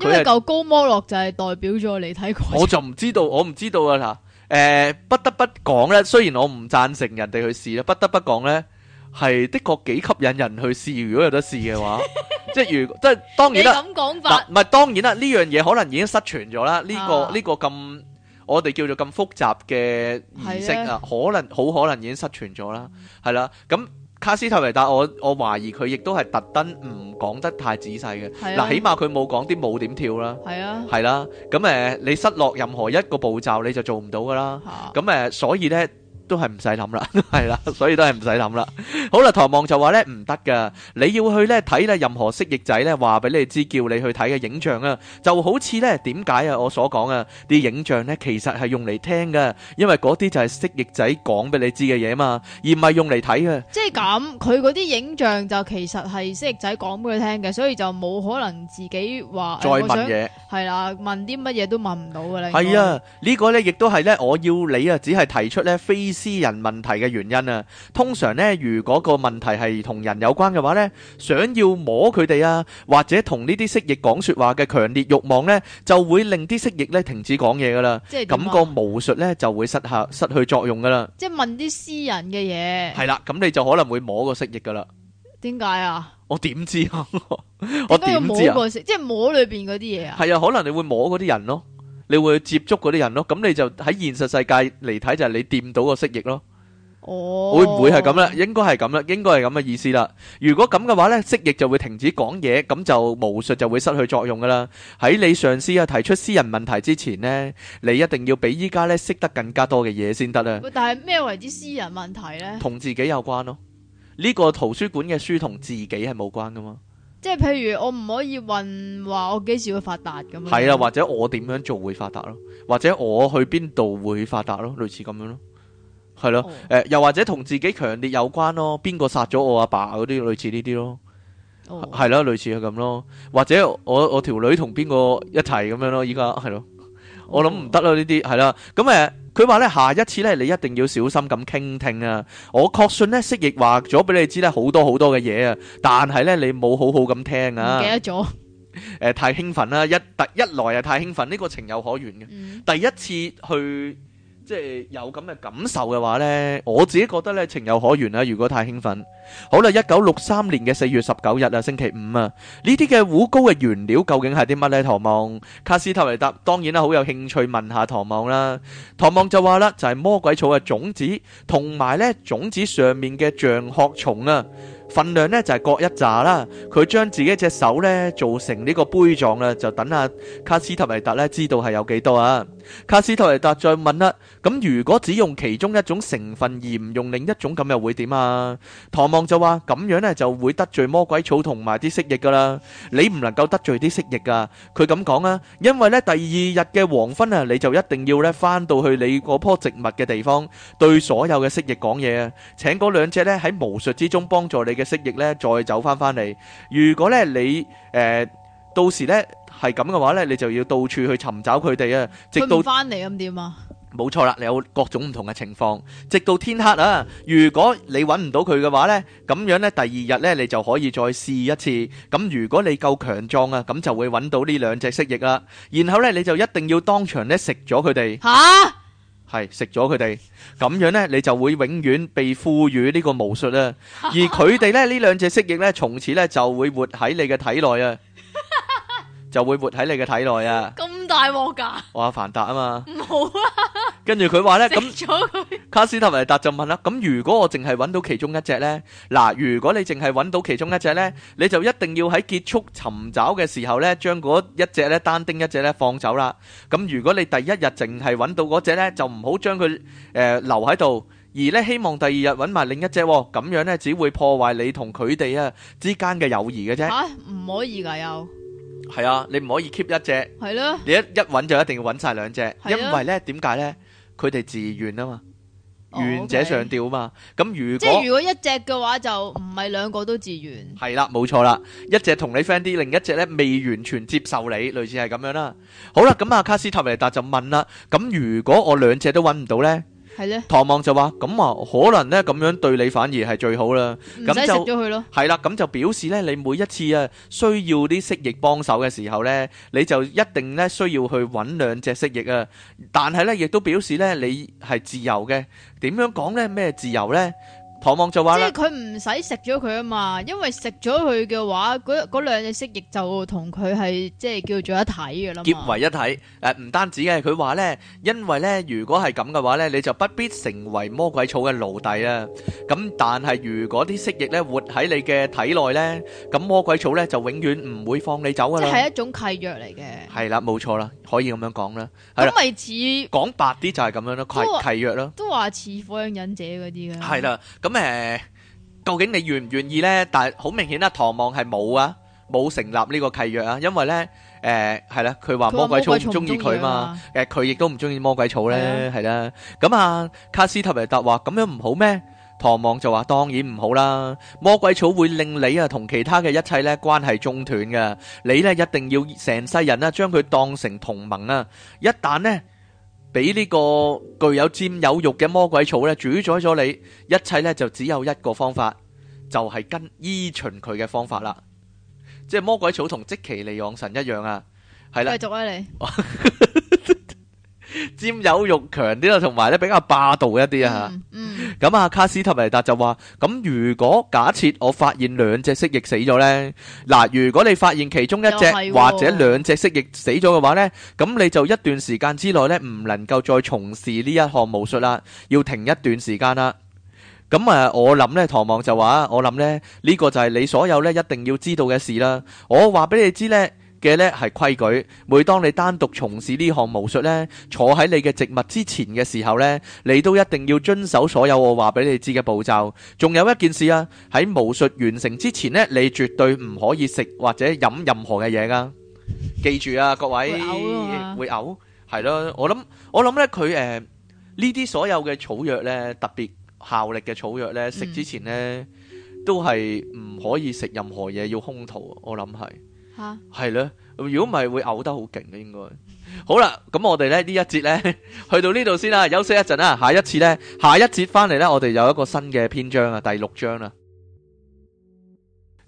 [SPEAKER 2] 因為舊
[SPEAKER 1] 膏剝落就係代表咗離體過程。是我就
[SPEAKER 2] 唔知道，我唔知道啦吓。誒、呃，不得不講咧，雖然我唔贊成人哋去試咧，不得不講咧。係的確幾吸引人去試如果有得試嘅話即係如即係當然啦，唔係當然啦呢樣嘢可能已經失傳咗啦呢個呢個咁我哋叫做咁複雑嘅儀式可能好可能已經失傳咗啦係啦咁卡斯泰維達我我懷疑佢亦都係特登唔講得太仔細嘅嗱起碼佢冇講啲冇點跳啦係啦咁你失落任何一個步驟你就做唔到㗎啦咁所以呢 即, 都係唔使諗啦，係啦，所以都係唔使諗啦。好啦，唐望就話咧唔得噶，你要去咧睇咧任何蜥蜴仔咧話俾你知，叫你去睇嘅影像啊，就好似咧點解啊？我所講啊，啲影像咧其實係用嚟聽噶，因為嗰啲就係蜥蜴仔講俾你知嘅嘢嘛，而唔係用嚟睇嘅。
[SPEAKER 1] 即係咁，佢嗰啲影像就其實係蜥蜴仔講俾佢聽嘅，所以就冇可能自己話再問嘢，係啦，問啲乜嘢都問唔到噶啦。係啊，
[SPEAKER 2] 呢個咧亦都係咧，我要你啊，只係提出咧 face。私人問題嘅原因啊，通常咧，如果個問題係同人有關嘅話咧，想要摸佢哋啊，或者同呢啲蜥蜴講説話嘅強烈慾望咧，就會令啲蜥蜴咧停止講嘢噶啦，咁個巫術咧就會失效，失去作用噶啦。
[SPEAKER 1] 即係問啲私人嘅嘢。
[SPEAKER 2] 係啦，咁你就可能會摸個蜥蜴噶啦。
[SPEAKER 1] 點解啊？
[SPEAKER 2] 我點知， 我點知啊？點解要
[SPEAKER 1] 摸個蜥蜴？即係摸裏邊嗰啲嘢啊？係
[SPEAKER 2] 啊，可能你會摸嗰啲人咯。你會接觸嗰啲人咯，咁你就喺現實世界嚟睇，就係你掂到個蜥蜴咯。哦，會唔會係咁咧？應該係咁啦，應該係咁嘅意思啦。如果咁嘅話咧，蜥蜴就會停止講嘢，咁就巫術就會失去作用噶啦。喺你上司啊提出私人問題之前咧，你一定要比依家咧識得更加多嘅嘢先得啦。
[SPEAKER 1] 但係咩為之私人問題咧？
[SPEAKER 2] 同自己有關咯。呢個圖書館嘅書同自己係冇關噶嘛？
[SPEAKER 1] 即係譬如我唔可以問話我幾時會發達咁 樣，係啦，或
[SPEAKER 2] 者我點樣做會發達咯，或者我去邊度會發達咯，類似咁樣咯，係咯，誒、oh. 呃，又或者同自己強烈有關咯，邊個殺咗我阿爸嗰啲類似呢啲咯，係、oh. 啊、啦，類似啊咁咯，或者我我條女同邊個一齊咁樣咯，依家係咯。我諗唔得啦，嗯呃、呢啲係啦，咁誒，佢話咧，下一次咧，你一定要小心咁傾聽啊！我確信咧，蜥蜴話咗俾你知咧，好多好多嘅嘢啊，但係咧，你冇好好咁聽啊！唔記得咗，誒、呃，太興奮啦，一突一來啊，太興奮，呢、這個情有可原嘅，嗯、第一次去。即係有咁嘅感受嘅話呢，我自己覺得咧情有可原啦。如果太興奮，好啦，一九六三年嘅四月十九日啊，星期五啊，呢啲嘅胡高嘅原料究竟係啲乜呢？唐望卡斯托尼達當然啦，好有興趣問下唐望啦。唐望就話啦，就係魔鬼草嘅種子同埋呢種子上面嘅象殼蟲啊。份量咧就係各一揸啦，佢將自己一隻手咧做成呢個杯狀啦，就等阿卡斯特維達咧知道係有幾多啊？卡斯特維達再問啦，咁如果只用其中一種成分而唔用另一種，咁又會點啊？唐望就話咁樣咧就會得罪魔鬼草同埋啲蜥蜴噶啦，你唔能夠得罪啲蜥蜴啊，佢咁講啦，因為咧第二日嘅黃昏啊，你就一定要咧翻到去你嗰棵植物嘅地方，對所有嘅蜥蜴講嘢啊，請嗰兩隻咧喺巫術之中幫助你。嘅蜥蜴咧，再走翻翻嚟。如果咧你誒，到時咧係咁嘅話咧，你就要到處去尋找佢哋啊。直到
[SPEAKER 1] 翻嚟咁點啊？
[SPEAKER 2] 冇錯啦，你有各種唔同嘅情況。直到天黑啊，如果你搵唔到佢嘅話咧，咁樣咧第二日咧你就可以再試一次。咁如果你夠強壯啊，咁就會搵到呢兩隻蜥蜴啦。然後咧你就一定要當場咧食咗佢哋。吓！係食咗佢哋，咁樣咧，你就會永遠被賦予呢個巫術啦。而佢哋咧呢兩隻蜥蜴咧，從此咧就會活喺你嘅體內啊，就會活喺你嘅體內啊。
[SPEAKER 1] 大
[SPEAKER 2] 鑊噶，我阿凡達啊嘛，冇啦。跟住佢話咧咁，卡斯特維達就問啦：咁如果我淨係揾到其中一隻咧，嗱，如果你淨係揾到其中一隻咧，你就一定要喺結束尋找嘅時候咧，將嗰一隻咧單丁一隻咧放走啦。咁如果你第一日淨係揾到嗰隻咧，就唔好將佢誒留喺度，而咧希望第二日揾埋另一隻，咁樣咧只會破壞你同佢哋啊之間嘅友誼嘅啫。吓，
[SPEAKER 1] 唔可以噶又？
[SPEAKER 2] 係啊，你唔可以 keep 一隻，係咧、啊，你一一揾就一定要揾晒兩隻，啊、因為咧，點解呢？佢哋自願啊嘛，願、哦、者上吊啊嘛，咁、哦 okay、如果如
[SPEAKER 1] 果一隻嘅話，就唔係兩個都自願。
[SPEAKER 2] 係啦、啊，冇錯啦，一隻同你 friend 啲，另一隻咧未完全接受你，類似係咁樣啦。好啦，咁、嗯、阿卡斯塔尼達就問啦，咁、嗯、如果我兩隻都揾唔到呢？」係咧，唐望就話，咁啊，可能咧咁樣對你反而係最好啦。唔使食咗佢咯。係啦，咁就表示咧，你每一次啊需要啲蜥蜴幫手嘅時候咧，你就一定咧需要去揾兩隻蜥蜴啊。但係咧亦都表示咧，你係自由嘅。點樣講咧？咩自由咧？唐望就話啦，即係
[SPEAKER 1] 佢唔使食咗佢啊嘛，因為食咗佢嘅話，嗰嗰兩隻蜥蜴就同佢係即係叫做一體嘅啦。結
[SPEAKER 2] 為一體，誒唔單止嘅，佢話咧，因為咧如果係咁嘅話咧，你就不必成為魔鬼草嘅奴隸啊。咁但係如果啲蜥蜴咧活喺你嘅體內咧，咁魔鬼草咧就永遠唔會放你走噶啦。即係一
[SPEAKER 1] 種契約嚟嘅。
[SPEAKER 2] 係啦，冇錯啦，可以咁樣講啦。咁咪似講白啲就係咁樣咯，係契約咯。
[SPEAKER 1] 都話似火影忍者嗰啲嘅。係啦。
[SPEAKER 2] 咁誒，究竟你願唔願意咧？但係好明顯啊，唐望係冇啊，冇成立呢個契約啊，因為咧，誒係啦，佢話魔鬼草唔中意佢嘛，誒佢亦都唔中意魔鬼草咧，係啦。咁啊，卡斯特維達話咁樣唔好咩？唐望就話當然唔好啦，魔鬼草會令你啊同其他嘅一切咧關係中斷嘅，你咧一定要成世人啊將佢當成同盟啊，一旦咧。俾呢個具有佔有慾嘅魔鬼草咧，主宰咗你一切咧，就只有一個方法，就係、是、跟依循佢嘅方法啦。即係魔鬼草同即其利往神一樣啊，係啦。繼續啊你。 佔有欲強啲咯，同埋咧比較霸道一啲、嗯嗯、啊，咁啊卡斯特維達就話：咁如果假設我發現兩隻蜥蜴死咗呢？嗱、啊，如果你發現其中一隻、哦、或者兩隻蜥蜴死咗嘅話呢，咁你就一段時間之內呢，唔能夠再從事呢一項巫術啦，要停一段時間啦。咁啊，我諗呢，唐望就話我諗呢，呢、這個就係你所有呢一定要知道嘅事啦。我話俾你知呢。嘅呢係規矩，每當你單獨從事呢項巫術呢，坐喺你嘅植物之前嘅時候呢，你都一定要遵守所有我話俾你知嘅步驟。仲有一件事啊，喺巫術完成之前呢，你絕對唔可以食或者飲任何嘅嘢㗎。記住啊，各位，會嘔咯，會嘔係咯。我諗我諗呢，佢誒呢啲所有嘅草藥呢，特別效力嘅草藥呢，食之前呢都係唔可以食任何嘢，要空肚。我諗係。係咧，如果唔係會嘔得好勁嘅應該。好啦，咁我哋咧呢一節咧去到呢度先啦，休息一陣啦。下一次咧，下一節翻嚟咧，我哋有一個新嘅篇章啊，第六章啦。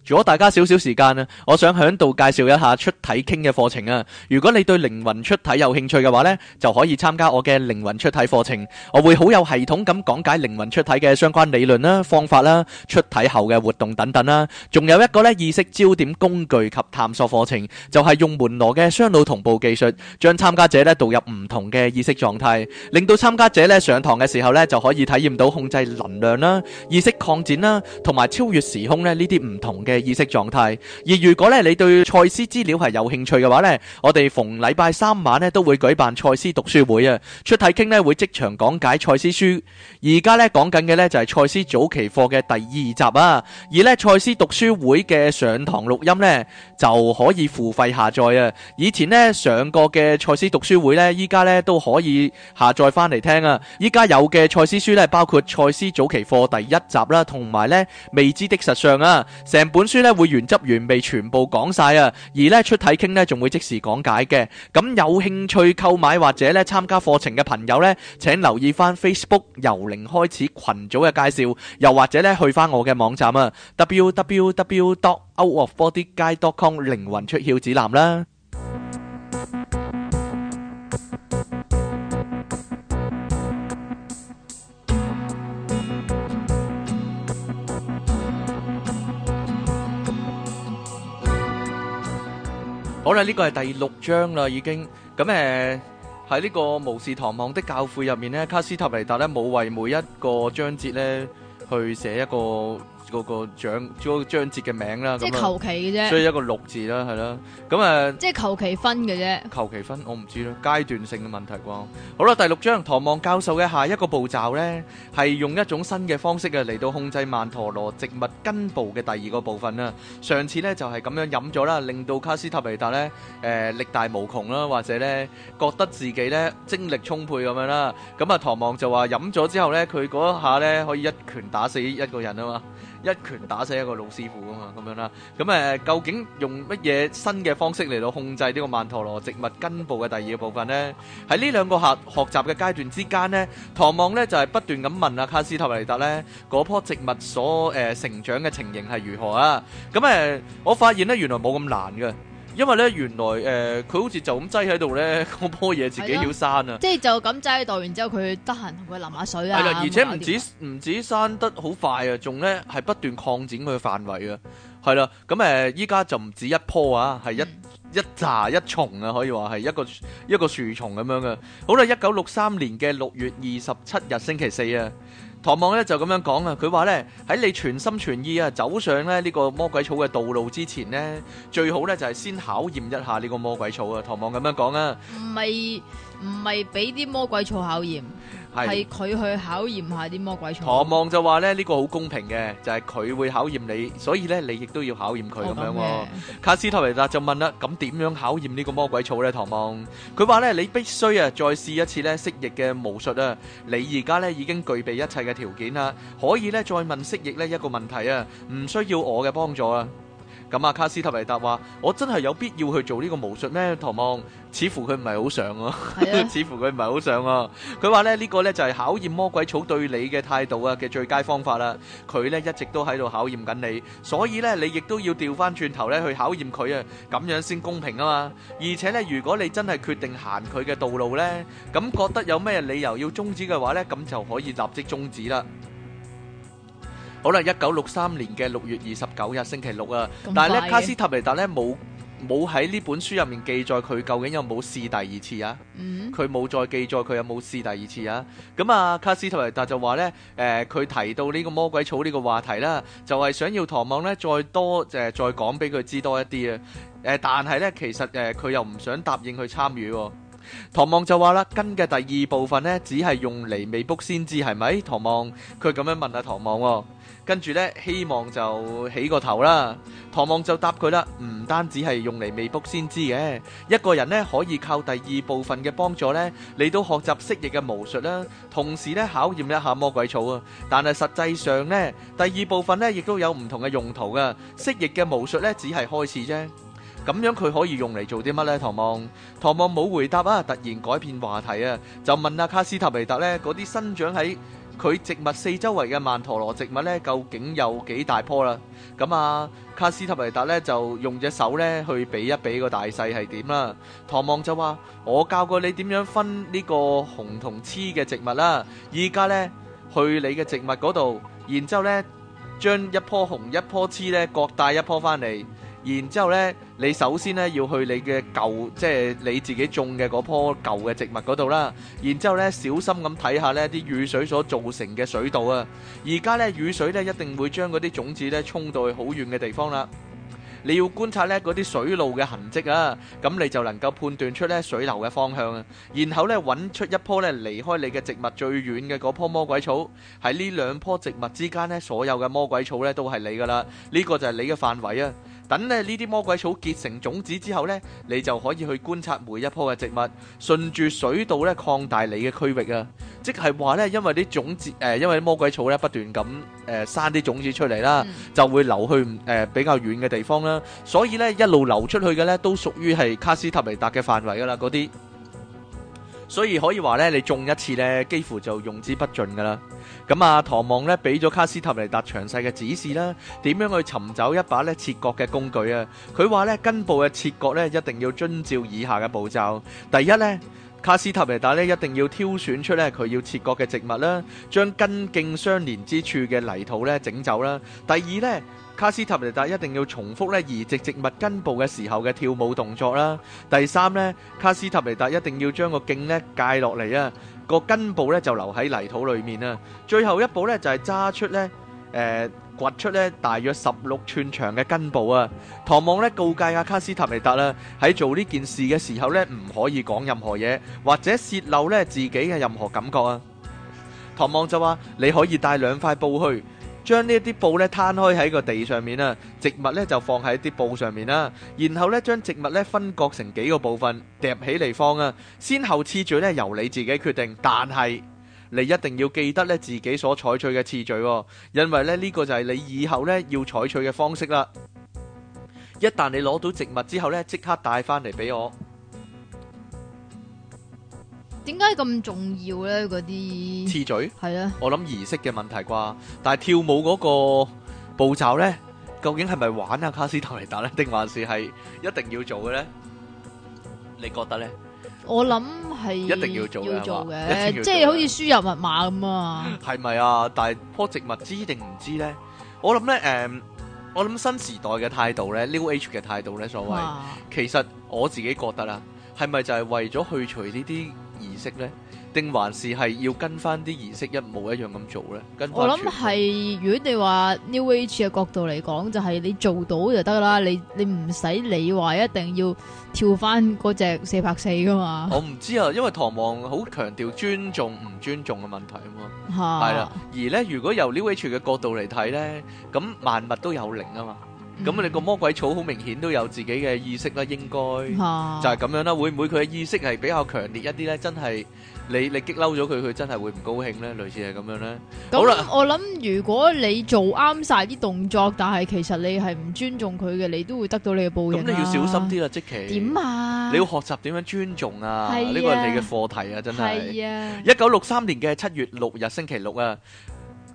[SPEAKER 2] 如果大家少少時間咧，我想喺度介紹一下出體傾嘅課程啊。如果你對靈魂出體有興趣嘅話咧，就可以參加我嘅靈魂出體課程。我會好有系統咁講解靈魂出體嘅相關理論啦、方法啦、出體後嘅活動等等啦。仲有一個咧意識焦點工具及探索課程，就係用門羅嘅雙腦同步技術，將參加者咧導入唔同嘅意識狀態，令到參加者咧上堂嘅時候咧就可以體驗到控制能量啦、意識擴展啦，同埋超越時空咧呢啲唔同嘅意識狀態。而如果咧你對賽斯資料係有興趣嘅話呢，我哋逢禮拜三晚呢都會舉辦賽斯讀書會啊。出體傾呢會即場講解賽斯書。而家呢，講緊嘅呢就係賽斯早期課嘅第二集啊。而呢，賽斯讀書會嘅上堂錄音呢就可以付費下載啊。以前呢，上過嘅賽斯讀書會呢，依家呢都可以下載翻嚟聽啊。依家有嘅賽斯書呢，包括賽斯早期課第一集啦，同埋呢未知的實相啊，成本。本書咧會原汁原味全部講晒啊，而咧出體傾咧仲會即時講解嘅。咁有興趣購買或者咧參加課程嘅朋友咧，請留意翻 Facebook 由零開始群組嘅介紹，又或者咧去翻我嘅網站啊，www.outofbodyguide.com 靈魂出竅指南啦。好啦，呢、這個係第六章啦，已經。咁誒，喺、呃、呢、這個巫士唐望的教誨入面咧，卡斯塔尼達咧冇為每一個章節咧去寫一個。嗰個章，嗰個章節嘅名啦，即係求
[SPEAKER 1] 其嘅啫，所以
[SPEAKER 2] 一個六字啦，係啦，咁啊，
[SPEAKER 1] 即係求其分嘅啫，
[SPEAKER 2] 求其分我唔知啦，階段性嘅問題啩。好啦，第六章，唐望教授嘅下一個步驟咧，係用一種新嘅方式啊嚟到控制曼陀羅植物根部嘅第二個部分啦。上次咧就係咁樣飲咗啦，令到卡斯塔尼達咧誒力大無窮啦，或者咧覺得自己咧精力充沛咁樣啦。咁啊，唐望就話飲咗之後咧，佢嗰下咧可以一拳打死一個人啊嘛。一拳打死一個老師傅啊嘛，咁樣啦。咁、嗯、誒，究竟用乜嘢新嘅方式嚟到控制呢個曼陀羅植物根部嘅第二個部分呢？喺呢兩個學學習嘅階段之間呢，唐望呢就係、是、不斷咁問阿卡斯圖利達呢：「嗰棵植物所誒、呃、成長嘅情形係如何啊？」咁、嗯、誒、呃，我發現呢，原來冇咁難嘅。因為咧，原來誒，佢、呃、好似就咁擠喺度咧，棵嘢自己要生啊，即係
[SPEAKER 1] 就咁擠喺度，然之後佢得閒同佢淋下水啊。係啊，而且唔止
[SPEAKER 2] 唔止生得好快啊，仲咧係不斷擴展佢嘅範圍啊，係啦。咁、呃、誒，依家就唔止一棵啊，係一、嗯、一揸一叢啊，可以話係一個一個樹叢咁樣噶。好啦，一九六三年嘅六月二十七日星期四啊。唐望咧就咁樣講啊，佢話咧，喺你全心全意啊走上咧呢個魔鬼草嘅道路之前呢，最好咧就係先考驗一下呢個魔鬼草啊。唐望咁樣講啊，
[SPEAKER 1] 唔係唔係俾啲魔鬼草考驗。係佢去考驗下啲魔鬼草。唐
[SPEAKER 2] 望就話咧呢、這個好公平嘅，就係、是、佢會考驗你，所以咧你亦都要考驗佢咁、哦、樣、哦。哦、卡斯托維達就問啦，咁、嗯、點樣考驗呢個魔鬼草呢？」唐望佢話咧你必須啊再試一次咧蜥蜴嘅巫術啊！你而家咧已經具備一切嘅條件啦，可以咧再問蜥蜴呢一個問題啊，唔需要我嘅幫助啊！咁啊，卡斯特維達話：我真係有必要去做呢個巫術咩？唐望，似乎佢唔係好想咯，似乎佢唔係好想啊。佢話咧呢個咧就係考驗魔鬼草對你嘅態度啊嘅最佳方法啦。佢咧一直都喺度考驗緊你，所以咧你亦都要調翻轉頭咧去考驗佢啊。咁樣先公平啊嘛。而且咧，如果你真係決定行佢嘅道路咧，咁覺得有咩理由要終止嘅話咧，咁就可以立即終止啦。好啦，一九六三年嘅六月二十九日星期六啊，但係咧卡斯塔尼達咧冇冇喺呢本書入面記載佢究竟有冇試第二次啊？佢冇，mm hmm. 再記載佢有冇試第二次啊？咁啊，卡斯塔尼達就話咧，誒、呃、佢提到呢個魔鬼草呢個話題啦，就係、是、想要唐望咧再多誒、呃、再講俾佢知多一啲啊。誒、呃，但係咧其實誒佢、呃、又唔想答應去參與喎、哦。唐望就話啦，根嘅第二部分呢，只係用嚟未卜先知係咪？唐望佢咁樣問下、啊、唐望、哦，跟住呢，希望就起個頭啦。唐望就答佢啦，唔單止係用嚟未卜先知嘅，一個人呢，可以靠第二部分嘅幫助呢，嚟到學習蜥蜴嘅巫術啦，同時呢，考驗一下魔鬼草啊。但係實際上呢，第二部分呢，亦都有唔同嘅用途噶，蜥蜴嘅巫術呢，只係開始啫。咁樣佢可以用嚟做啲乜呢？唐望，唐望冇回答啊！突然改變話題啊，就問阿卡斯塔維達呢嗰啲生長喺佢植物四周圍嘅曼陀羅植物呢，究竟有幾大棵啦？咁啊，卡斯塔維達呢，就用隻手呢去比一比個大細係點啦。唐望就話：我教過你點樣分呢個紅同黐嘅植物啦。而家呢，去你嘅植物嗰度，然之後呢將一棵紅、一棵黐呢，各帶一棵翻嚟。然之後咧，你首先咧要去你嘅舊，即係你自己種嘅嗰棵舊嘅植物嗰度啦。然之後咧，小心咁睇下呢啲雨水所造成嘅水道啊。而家咧雨水咧一定會將嗰啲種子咧沖到去好遠嘅地方啦。你要觀察咧嗰啲水路嘅痕跡啊，咁你就能夠判斷出咧水流嘅方向啊。然後咧，揾出一棵咧離開你嘅植物最遠嘅嗰棵魔鬼草，喺呢兩棵植物之間咧，所有嘅魔鬼草咧都係你噶啦。呢個就係你嘅範圍啊。等咧呢啲魔鬼草結成種子之後呢，你就可以去觀察每一棵嘅植物，順住水道咧擴大你嘅區域啊！即係話呢，因為啲種子誒、呃，因為魔鬼草咧不斷咁誒生啲種子出嚟啦，就會流去誒、呃、比較遠嘅地方啦。所以呢，一路流出去嘅呢都屬於係卡斯塔尼達嘅範圍噶啦，嗰啲。所以可以話咧，你種一次咧，幾乎就用之不盡噶啦。咁啊，唐望咧俾咗卡斯塔尼達詳細嘅指示啦，點樣去尋找一把咧切割嘅工具啊？佢話咧根部嘅切割咧一定要遵照以下嘅步驟：第一咧，卡斯塔尼達咧一定要挑選出咧佢要切割嘅植物啦，將根莖相連之處嘅泥土咧整走啦。第二咧。卡斯塔尼達一定要重複咧移植植物根部嘅時候嘅跳舞動作啦。第三咧，卡斯塔尼達一定要將個莖咧介落嚟啊，個根部咧就留喺泥土裏面啊。最後一步咧就係揸出咧，誒、呃、掘出咧大約十六寸長嘅根部啊。唐望咧告誡阿卡斯塔尼達啦，喺做呢件事嘅時候咧唔可以講任何嘢，或者泄漏咧自己嘅任何感覺啊。唐望就話，你可以帶兩塊布去。將呢啲布咧攤開喺個地上面啊，植物咧就放喺啲布上面啦，然後咧將植物咧分割成幾個部分疊起嚟放啊，先後次序咧由你自己決定，但係你一定要記得咧自己所採取嘅次序，因為咧呢個就係你以後咧要採取嘅方式啦。一旦你攞到植物之後咧，即刻帶翻嚟俾我。
[SPEAKER 1] 點解咁重要咧？嗰啲刺
[SPEAKER 2] 嘴係啦，呢我諗儀式嘅問題啩。但係跳舞嗰個步驟咧，究竟係咪玩下、啊、卡斯特尼達咧，定還是係一定要做嘅咧？你覺得咧？
[SPEAKER 1] 我諗想係一定要做嘅，要做嗎即係好似輸入密碼咁啊。
[SPEAKER 2] 係咪啊？但係樖植物知定唔知咧？我諗咧，誒、um,，我諗新時代嘅態度咧，New Age 嘅態度咧，所謂，啊、其實我自己覺得啦，係咪就係為咗去除呢啲？儀式咧，定還是係要跟翻啲儀式一模一樣咁做咧？我諗係
[SPEAKER 1] 如果你話 New Age 嘅角度嚟講，就係你做到就得啦。你你唔使理話一定要跳翻嗰隻四拍四噶嘛。我唔
[SPEAKER 2] 知啊，因為唐望好強調尊重唔尊重嘅問題啊嘛。係啦，而咧如果由 New Age 嘅角度嚟睇咧，咁萬物都有靈啊嘛。咁啊！你個魔鬼草好明顯都有自己嘅意識啦，應該就係咁樣啦。會唔會佢嘅意識係比較強烈一啲咧？真係你你激嬲咗佢，佢真係會唔高興咧？類似係咁樣咧。好啦
[SPEAKER 1] 我諗，如果你做啱晒啲動作，但係其實你係唔尊重佢嘅，你都會得到你嘅報應啦。咁你要小心
[SPEAKER 2] 啲啦，即其點啊？你要學習點樣尊重啊？呢個係你嘅課題啊！真係。係啊！一九六三年嘅七月六日星期六啊！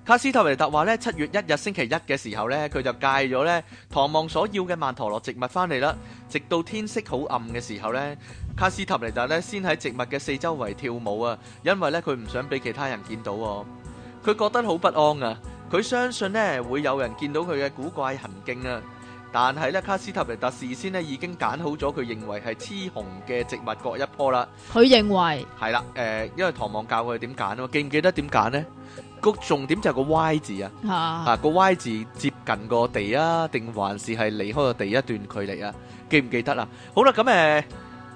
[SPEAKER 2] 卡斯泰利達話咧，七月一日星期一嘅時候咧，佢就帶咗咧唐望所要嘅曼陀羅植物翻嚟啦。直到天色好暗嘅時候咧，卡斯泰利達咧先喺植物嘅四周圍跳舞啊，因為咧佢唔想俾其他人見到，佢覺得好不安啊。佢相信咧會有人見到佢嘅古怪行徑啊，但係咧卡斯泰利達事先咧已經揀好咗佢認為係雌雄嘅植物各一棵啦。
[SPEAKER 1] 佢認為
[SPEAKER 2] 係啦，誒，因為唐望教佢點揀啊嘛，記唔記得點揀咧？個重點就係個 Y 字啊，嚇個、啊、Y 字接近個地啊，定還是係離開個地一段距離啊？記唔記得啦？好啦，咁咪。呃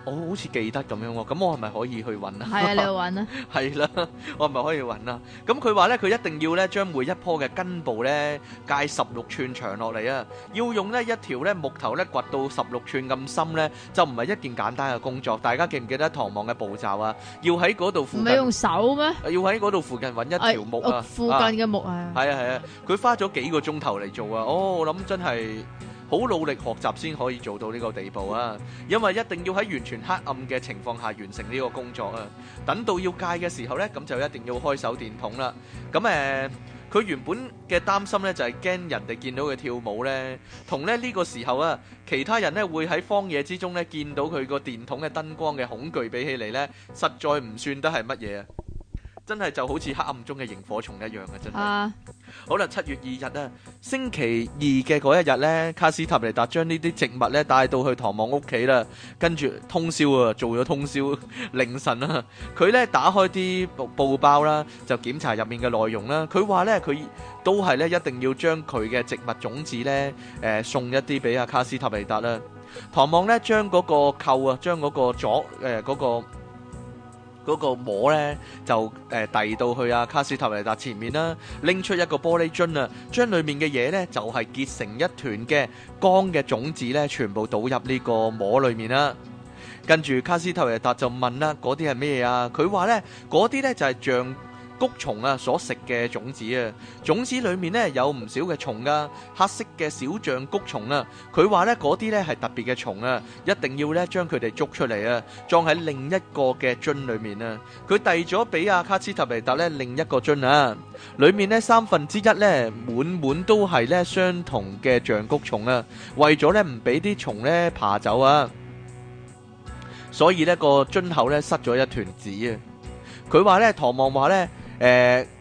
[SPEAKER 2] 我好似記得咁樣喎，咁我係咪可以去揾啊？係啊，你去揾啊！係啦，我係咪可以揾啊？咁佢話咧，佢一定要咧將每一棵嘅根部咧界十六寸長落嚟啊！要用咧一條咧木頭咧掘到十六寸咁深咧，就唔係一件簡單嘅工作。大家記唔記得唐望嘅步驟啊？要喺嗰度附近揾，唔係用手咩？要喺嗰度附近揾一條木啊！附近嘅木係啊，係啊，係啊！佢花咗幾個鐘頭嚟做啊！哦，我諗真係～好努力學習先可以做到呢個地步啊！因為一定要喺完全黑暗嘅情況下完成呢個工作啊！等到要戒嘅時候呢，咁就一定要開手電筒啦。咁誒，佢、呃、原本嘅擔心呢，就係、是、驚人哋見到佢跳舞呢，同呢呢、呢個時候啊，其他人呢會喺荒野之中呢見到佢個電筒嘅燈光嘅恐懼比起嚟呢，實在唔算得係乜嘢啊！真係就好似黑暗中嘅螢火蟲一樣嘅，真係。好啦，七月二日啊，星期二嘅嗰一日咧，卡斯塔尼達將呢啲植物咧帶到去唐望屋企啦，跟住通宵啊，做咗通宵。凌晨啊，佢咧打開啲布包啦，就檢查入面嘅內容啦。佢話咧，佢都係咧一定要將佢嘅植物種子咧，誒，送一啲俾阿卡斯塔尼達啦。唐望咧將嗰個扣啊，將嗰個左，誒，嗰個。嗰個膜咧就誒、呃、遞到去阿、啊、卡斯特維達前面啦，拎出一個玻璃樽啊，將裡面嘅嘢咧就係、是、結成一團嘅光嘅種子咧，全部倒入呢個膜裏面啦。跟住卡斯特維達就問啦：嗰啲係咩啊？佢話咧嗰啲咧就係、是、像。谷蟲啊，所食嘅種子啊，種子裏面咧有唔少嘅蟲噶，黑色嘅小象谷蟲啊，佢話咧嗰啲咧係特別嘅蟲啊，一定要咧將佢哋捉出嚟啊，裝喺另一個嘅樽裏面啊，佢遞咗俾阿卡斯塔尼達咧另一個樽啊，裏面咧三分之一咧滿滿都係咧相同嘅象谷蟲啊，為咗咧唔俾啲蟲咧爬走啊，所以咧個樽口咧塞咗一團紙啊，佢話咧唐望話咧。誒，佢、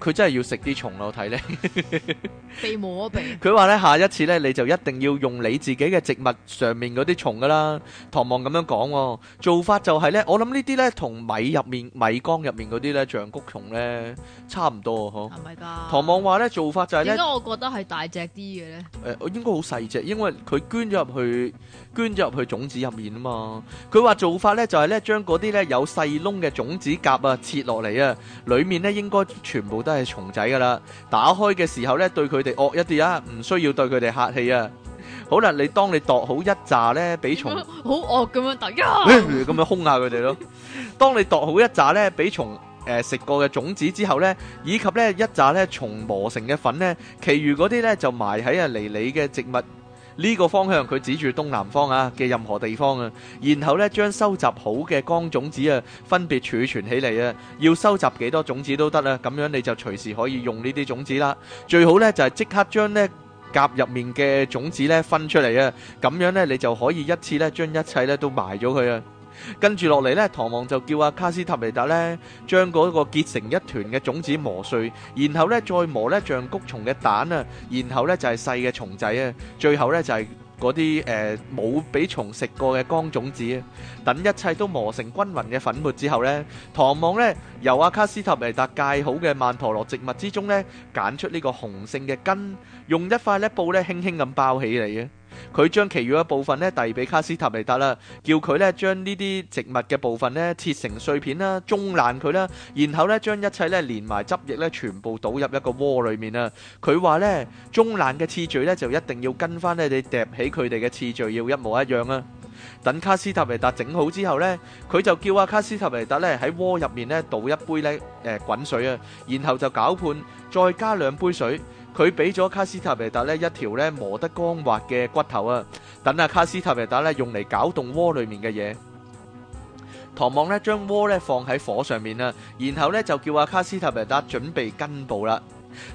[SPEAKER 2] 呃、真係要食啲蟲咯，睇咧。
[SPEAKER 1] 鼻毛嗰病，
[SPEAKER 2] 佢話咧下一次咧你就一定要用你自己嘅植物上面嗰啲蟲噶啦，唐望咁樣講、哦。做法就係咧，我諗呢啲咧同米入面、米缸入面嗰啲咧象谷蟲咧差唔多嗬。係咪噶？是是唐望話咧做法就係咧，點解
[SPEAKER 1] 我覺得係大隻啲嘅
[SPEAKER 2] 咧？誒、欸，我應該好細隻，因為佢捐咗入去，捐咗入去種子入面啊嘛。佢話做法咧就係、是、咧，將嗰啲咧有細窿嘅種子莢啊切落嚟啊，裏面咧應該全部都係蟲仔噶啦。打開嘅時候咧對佢。佢哋惡一啲啊，唔需要對佢哋客氣啊。好啦，你當你度好一紮咧，俾蟲
[SPEAKER 1] 好惡咁樣打，
[SPEAKER 2] 咁樣轟下佢哋咯。當你度好一紮咧，俾蟲誒食過嘅種子之後咧，以及咧一紮咧蟲磨成嘅粉咧，其餘嗰啲咧就埋喺啊離離嘅植物。呢個方向佢指住東南方啊嘅任何地方啊，然後咧將收集好嘅光種子啊，分別儲存起嚟啊。要收集幾多種子都得啦，咁樣你就隨時可以用呢啲種子啦。最好咧就係即刻將呢甲入面嘅種子咧分出嚟啊，咁樣咧你就可以一次咧將一切咧都埋咗佢啊。跟住落嚟呢，唐望就叫阿卡斯塔尼達呢將嗰個結成一團嘅種子磨碎，然後呢再磨呢像谷蟲嘅蛋啊，然後呢就係細嘅蟲仔啊，最後呢就係嗰啲誒冇俾蟲食過嘅乾種子啊。等一切都磨成均匀嘅粉末之後呢，唐望呢由阿卡斯塔尼達介好嘅曼陀羅植物之中呢揀出呢個雄性嘅根，用一塊呢布呢輕輕咁包起嚟啊。佢將其餘一部分咧遞俾卡斯塔尼達啦，叫佢咧將呢啲植物嘅部分咧切成碎片啦，中爛佢啦，然後咧將一切咧連埋汁液咧全部倒入一個鍋裏面啊！佢話咧中爛嘅次序咧就一定要跟翻咧你揼起佢哋嘅次序要一模一樣啊！等卡斯塔尼達整好之後咧，佢就叫阿卡斯塔尼達咧喺鍋入面咧倒一杯咧誒滾水啊，然後就攪拌，再加兩杯水。佢俾咗卡斯塔維達咧一條咧磨得光滑嘅骨頭啊，等阿卡斯塔維達咧用嚟攪動鍋裏面嘅嘢。唐望咧將鍋咧放喺火上面啦，然後咧就叫阿卡斯塔維達準備根部啦。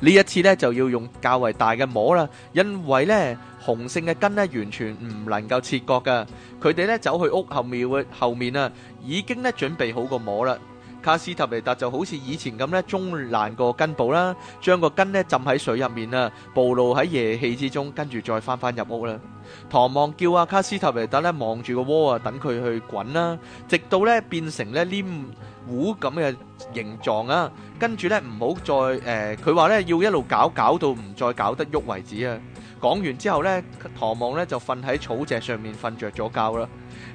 [SPEAKER 2] 呢一次咧就要用較為大嘅磨啦，因為咧雄性嘅根咧完全唔能夠切割噶。佢哋咧走去屋後面嘅後面啊，已經咧準備好個磨啦。卡斯特尼達就好似以前咁咧中爛個根。講完之後呢，唐望呢就瞓喺草席上面瞓着咗覺啦。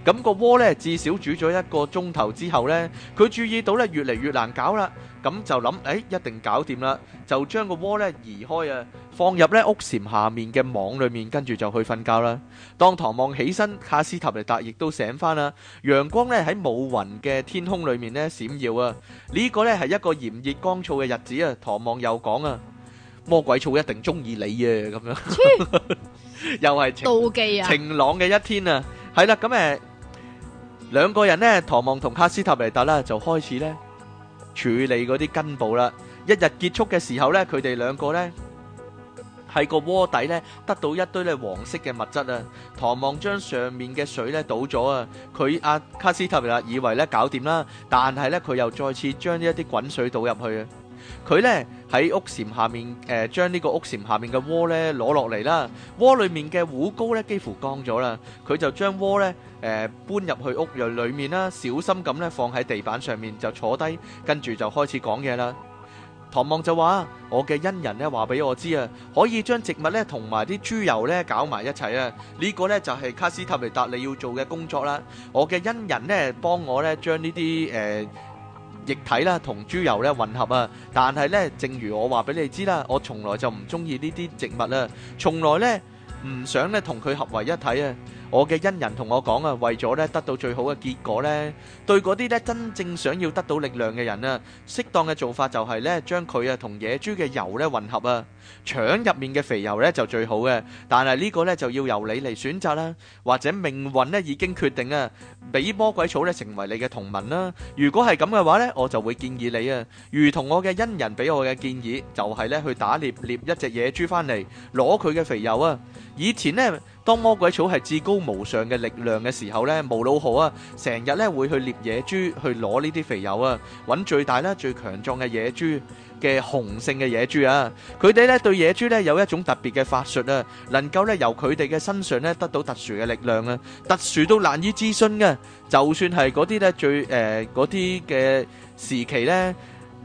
[SPEAKER 2] 咁、那個鍋呢，至少煮咗一個鐘頭之後呢，佢注意到呢越嚟越難搞啦。咁就諗，誒一定搞掂啦，就將個鍋呢移開啊，放入呢屋檐下面嘅網裏面，跟住就去瞓覺啦。當唐望起身，卡斯塔尼達亦都醒翻啦。陽光呢喺冇雲嘅天空裏面呢閃耀啊。呢、這個呢係一個炎熱乾燥嘅日子啊。唐望又講啊。魔鬼草一定中意你啊，咁樣又係妒忌啊！晴朗嘅一天啊，係啦，咁誒，兩個人咧，唐望同卡斯塔維達啦，就開始咧處理嗰啲根部啦。一日結束嘅時候咧，佢哋兩個咧喺個鍋底咧得到一堆咧黃色嘅物質啊。唐望將上面嘅水咧倒咗啊，佢阿卡斯塔維達以為咧搞掂啦，但係咧佢又再次將一啲滾水倒入去啊。佢呢喺屋檐下面，誒將呢個屋檐下面嘅窩呢攞落嚟啦。窩裡面嘅糊膏呢幾乎乾咗啦。佢就將窩呢誒、呃、搬入去屋內裏面啦，小心咁呢放喺地板上面就坐低，跟住就開始講嘢啦。唐望就話：我嘅恩人呢話俾我知啊，可以將植物呢同埋啲豬油呢搞埋一齊啊。呢、這個呢就係、是、卡斯塔尼達你要做嘅工作啦。我嘅恩人呢幫我呢將呢啲誒。液體啦，同豬油咧混合啊，但係咧，正如我話俾你知啦，我從來就唔中意呢啲植物啦，從來咧唔想咧同佢合為一體啊！我嘅恩人同我講啊，為咗咧得到最好嘅結果咧，對嗰啲咧真正想要得到力量嘅人啊，適當嘅做法就係咧將佢啊同野豬嘅油咧混合啊。腸入面嘅肥油呢就最好嘅，但係呢個呢就要由你嚟選擇啦，或者命運呢已經決定啊，俾魔鬼草呢成為你嘅同盟啦。如果係咁嘅話呢，我就會建議你啊，如同我嘅恩人俾我嘅建議，就係呢去打獵獵一隻野豬翻嚟，攞佢嘅肥油啊。以前呢，當魔鬼草係至高無上嘅力量嘅時候呢，毛老何啊，成日呢會去獵野豬去攞呢啲肥油啊，揾最大啦最強壯嘅野豬。嘅雄性嘅野豬啊，佢哋咧對野豬咧有一種特別嘅法術啊，能夠咧由佢哋嘅身上咧得到特殊嘅力量啊，特殊都難以置信嘅。就算係嗰啲咧最誒嗰啲嘅時期咧，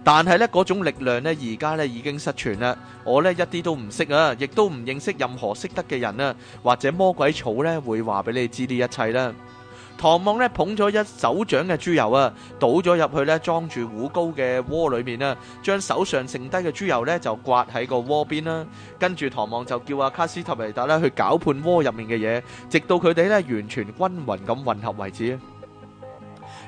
[SPEAKER 2] 但係咧嗰種力量咧而家咧已經失傳啦。我咧一啲都唔識啊，亦都唔認識任何識得嘅人啊，或者魔鬼草咧會話俾你知呢一切啦。唐望咧捧咗一手掌嘅豬油啊，倒咗入去咧裝住糊膏嘅鍋裏面啊。將手上剩低嘅豬油呢，就刮喺個鍋邊啦。跟住唐望就叫阿卡斯塔尼達咧去攪拌鍋入面嘅嘢，直到佢哋呢完全均匀咁混合為止。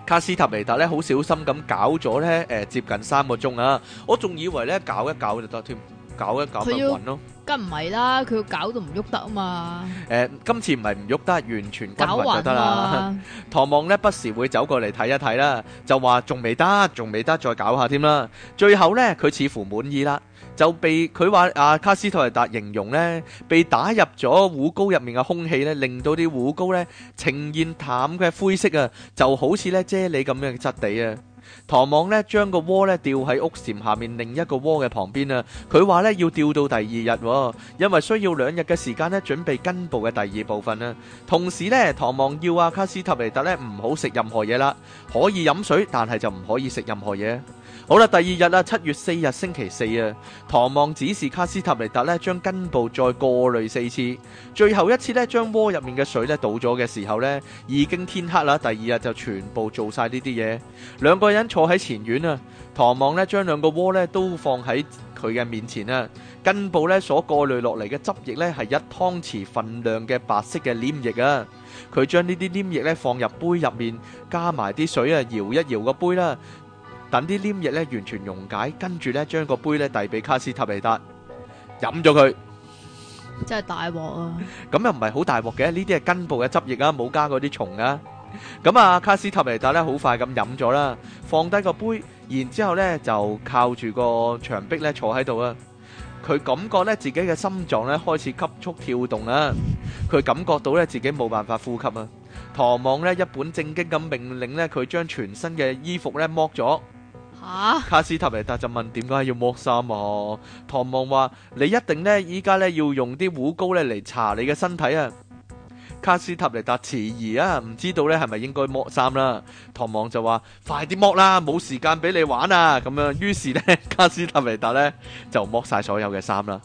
[SPEAKER 2] 卡斯塔尼達呢，好小心咁攪咗呢誒接近三個鐘啊！我仲以為呢，攪一攪就得添，攪一攪就匀咯。
[SPEAKER 1] 梗唔係啦，佢搞到唔喐得啊嘛。
[SPEAKER 2] 誒、呃，今次唔係唔喐得，完全搞就得啦。唐望呢，不時會走過嚟睇一睇啦，就話仲未得，仲未得再搞下添啦。最後呢，佢似乎滿意啦，就被佢話阿卡斯托嚟達形容呢，被打入咗糊膏入面嘅空氣咧，令到啲糊膏呢呈現淡嘅灰色啊，就好似呢啫喱咁樣嘅質地啊。唐望咧將個窩咧吊喺屋檐下面另一個窩嘅旁邊啊，佢話咧要吊到第二日，因為需要兩日嘅時間咧準備根部嘅第二部分啦。同時咧，唐望要阿卡斯塔尼特咧唔好食任何嘢啦，可以飲水，但係就唔可以食任何嘢。好啦，第二日啦，七月四日星期四啊，唐望指示卡斯塔尼達呢將根部再過濾四次，最後一次呢將鍋入面嘅水呢倒咗嘅時候呢，已經天黑啦。第二日就全部做晒呢啲嘢，兩個人坐喺前院啊，唐望呢將兩個鍋呢都放喺佢嘅面前啊，根部呢所過濾落嚟嘅汁液呢係一湯匙份量嘅白色嘅黏液啊，佢將呢啲黏液呢放入杯入面，加埋啲水啊，搖一搖個杯啦。等啲黏液咧，完全溶解，跟住咧，將個杯咧遞俾卡斯塔尼達飲咗佢，
[SPEAKER 1] 真係大鑊啊！
[SPEAKER 2] 咁又唔係好大鑊嘅，呢啲係根部嘅汁液啊，冇加嗰啲蟲啊。咁啊，卡斯塔尼達咧好快咁飲咗啦，放低個杯，然之後咧就靠住個牆壁咧坐喺度啊。佢感覺咧自己嘅心臟咧開始急速跳動啊，佢感覺到咧自己冇辦法呼吸啊。唐望咧一本正經咁命令咧佢將全身嘅衣服咧剝咗。啊！卡斯塔尼達就問點解要剝衫？啊？唐望話：你一定呢，依家呢要用啲糊膏呢嚟搽你嘅身體啊！卡斯塔尼達遲疑啊，唔知道呢係咪應該剝衫啦。唐望就話：快啲剝啦，冇時間俾你玩啊！咁樣，於是呢，卡斯塔尼達呢就剝晒所有嘅衫啦。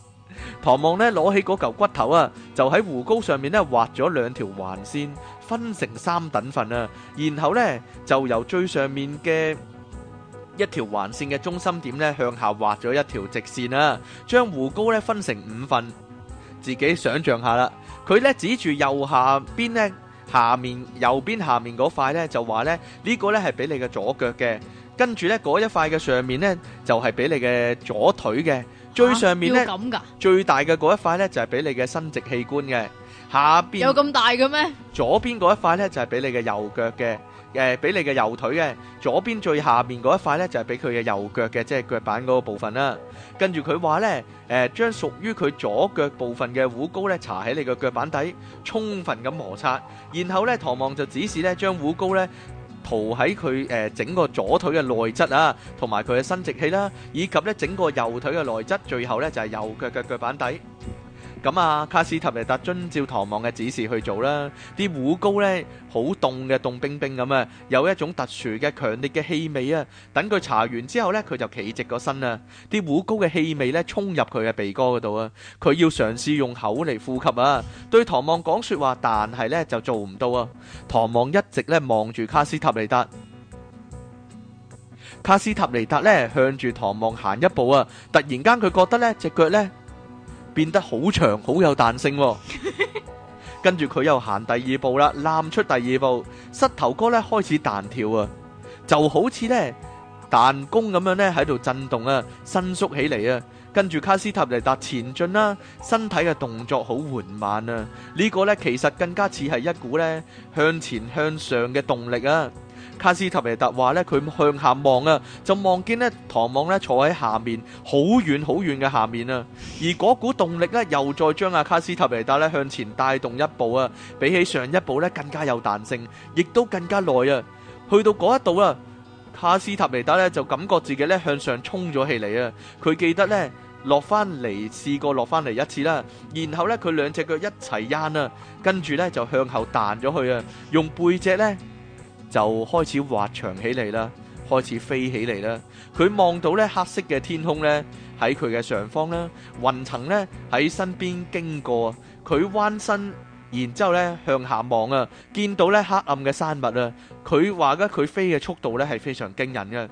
[SPEAKER 2] 唐望呢攞起嗰嚿骨頭啊，就喺糊膏上面呢劃咗兩條橫線，分成三等份啊，然後呢，就由最上面嘅。一條橫線嘅中心點咧，向下畫咗一條直線啦，將弧高咧分成五份，自己想象下啦。佢咧指住右下邊咧下面右邊下面嗰塊咧就話咧呢、呢個咧係俾你嘅左腳嘅，跟住咧嗰一塊嘅上面咧就係、是、俾你嘅左腿嘅，最上面咧最大嘅嗰一塊咧就係、是、俾你嘅生殖器官嘅，下邊有咁大嘅咩？左邊嗰一塊咧就係、是、俾你嘅右腳嘅。誒俾你嘅右腿嘅，左邊最下面嗰一塊呢，就係俾佢嘅右腳嘅，即係腳板嗰個部分啦。跟住佢話呢，誒將屬於佢左腳部分嘅護膏呢，搽喺你嘅腳板底，底，充分咁摩擦。然後呢，唐望就指示呢，將護膏呢塗喺佢誒整個左腿嘅內側啊，同埋佢嘅伸直器啦，以及呢整個右腿嘅內側，最後呢，就係右腳嘅腳板底，底。咁啊，卡斯塔尼達遵照唐望嘅指示去做啦。啲糊膏呢，好凍嘅，凍冰冰咁啊，有一種特殊嘅強烈嘅氣味啊。等佢搽完之後呢，佢就企直個身啊。啲糊膏嘅氣味呢，沖入佢嘅鼻哥嗰度啊，佢要嘗試用口嚟呼吸啊。對唐望講說話，但係呢就做唔到啊。唐望一直呢望住卡斯塔尼達，卡斯塔尼達呢，向住唐望行一步啊。突然間佢覺得呢隻腳呢。變得好長，好有彈性。 跟住佢又行第二步啦，攬出第二步，膝頭哥咧開始彈跳啊，就好似咧彈弓咁樣咧喺度震動啊，伸縮起嚟啊。跟住卡斯塔尼達前進啦，身體嘅動作好緩慢啊。這個、呢個咧其實更加似係一股咧向前向上嘅動力啊。卡斯提維達話咧，佢向下望啊，就望見咧唐望咧坐喺下面，好遠好遠嘅下面啊。而嗰股動力咧，又再將阿卡斯提維達咧向前帶動一步啊，比起上一步咧更加有彈性，亦都更加耐啊。去到嗰一度啊，卡斯提維達咧就感覺自己咧向上衝咗起嚟啊。佢記得咧落翻嚟試過落翻嚟一次啦，然後咧佢兩隻腳一齊壓啊，跟住咧就向後彈咗去啊，用背脊咧，就開始滑翔起嚟啦，開始飛起嚟啦。佢望到咧黑色嘅天空咧喺佢嘅上方啦，雲層咧喺身邊經過。佢彎身，然之後咧向下望啊，見到咧黑暗嘅山脈啊。佢話咧佢飛嘅速度咧係非常驚人嘅。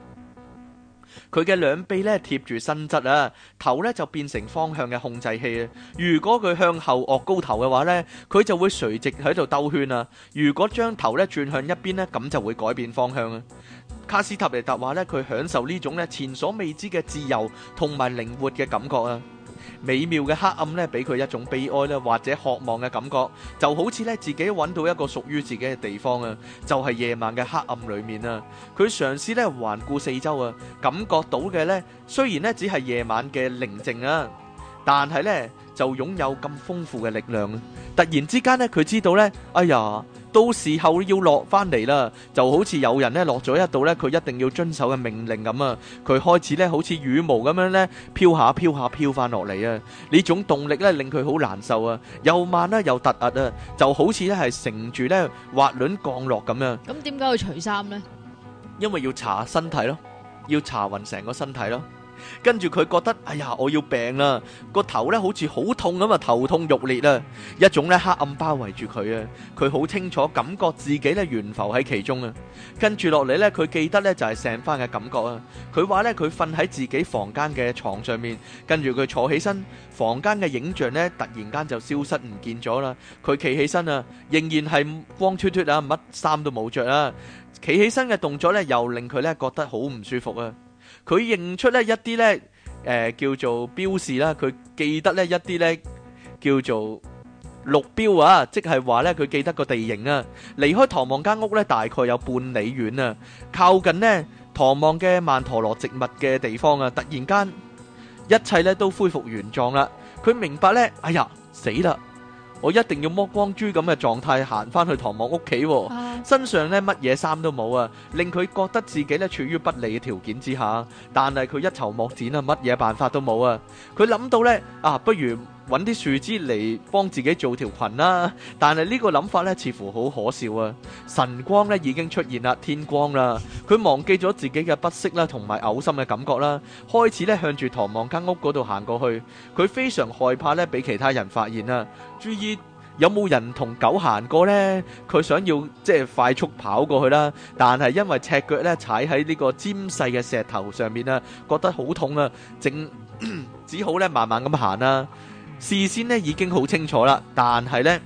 [SPEAKER 2] 佢嘅兩臂咧貼住身側啊，頭咧就變成方向嘅控制器啊。如果佢向後岳高頭嘅話咧，佢就會垂直喺度兜圈啊。如果將頭咧轉向一邊咧，咁就會改變方向啊。卡斯塔尼達話咧，佢享受呢種咧前所未知嘅自由同埋靈活嘅感覺啊。美妙嘅黑暗咧，俾佢一種悲哀咧，或者渴望嘅感覺，就好似咧自己揾到一個屬於自己嘅地方啊！就係夜晚嘅黑暗裡面啊，佢嘗試咧環顧四周啊，感覺到嘅咧雖然咧只係夜晚嘅寧靜啊。但係呢，就擁有咁豐富嘅力量。突然之間呢，佢知道呢，哎呀，到時候要落翻嚟啦，就好似有人呢落咗一度呢，佢一定要遵守嘅命令咁啊！佢開始呢，好似羽毛咁樣呢，飄下飄下飄翻落嚟啊！呢種動力呢，令佢好難受啊，又慢啦，又突壓啊，就好似呢係乘住呢滑輪降落咁樣。
[SPEAKER 1] 咁點解要除衫呢？
[SPEAKER 2] 因為要查身體咯，要查匀成個身體咯。跟住佢覺得，哎呀，我要病啦！個頭咧好似好痛咁啊，頭痛欲裂啦。一種咧黑暗包圍住佢啊，佢好清楚感覺自己咧懸浮喺其中啊。跟住落嚟咧，佢記得咧就係醒翻嘅感覺啊。佢話咧佢瞓喺自己房間嘅床上面，跟住佢坐起身，房間嘅影像咧突然間就消失唔見咗啦。佢企起身啊，仍然係光脫脫啊，乜衫都冇着啊。企起身嘅動作咧又令佢咧覺得好唔舒服啊。佢認出咧一啲咧誒叫做標示啦，佢記得咧一啲咧叫做路標啊，即係話咧佢記得個地形啊。離開唐望間屋咧，大概有半里遠啊。靠近呢唐望嘅曼陀羅植物嘅地方啊，突然間一切咧都恢復原狀啦。佢明白咧，哎呀死啦！我一定要剝光豬咁嘅狀態行返去唐望屋企，啊，身上咧乜嘢衫都冇啊，令佢覺得自己咧處於不利嘅條件之下，但係佢一籌莫展啊，乜嘢辦法都冇啊，佢諗到咧啊，不如，揾啲樹枝嚟幫自己做條裙啦，但係呢個諗法咧似乎好可笑啊！晨光咧已經出現啦，天光啦，佢忘記咗自己嘅不適啦，同埋嘔心嘅感覺啦，開始咧向住唐望間屋嗰度行過去。佢非常害怕咧俾其他人發現啦！注意有冇人同狗行過呢？佢想要即係快速跑過去啦，但係因為赤腳咧踩喺呢個尖細嘅石頭上面啊，覺得痛正 好痛啊，正只好咧慢慢咁行啦。事先呢已經好清楚啦，但係呢，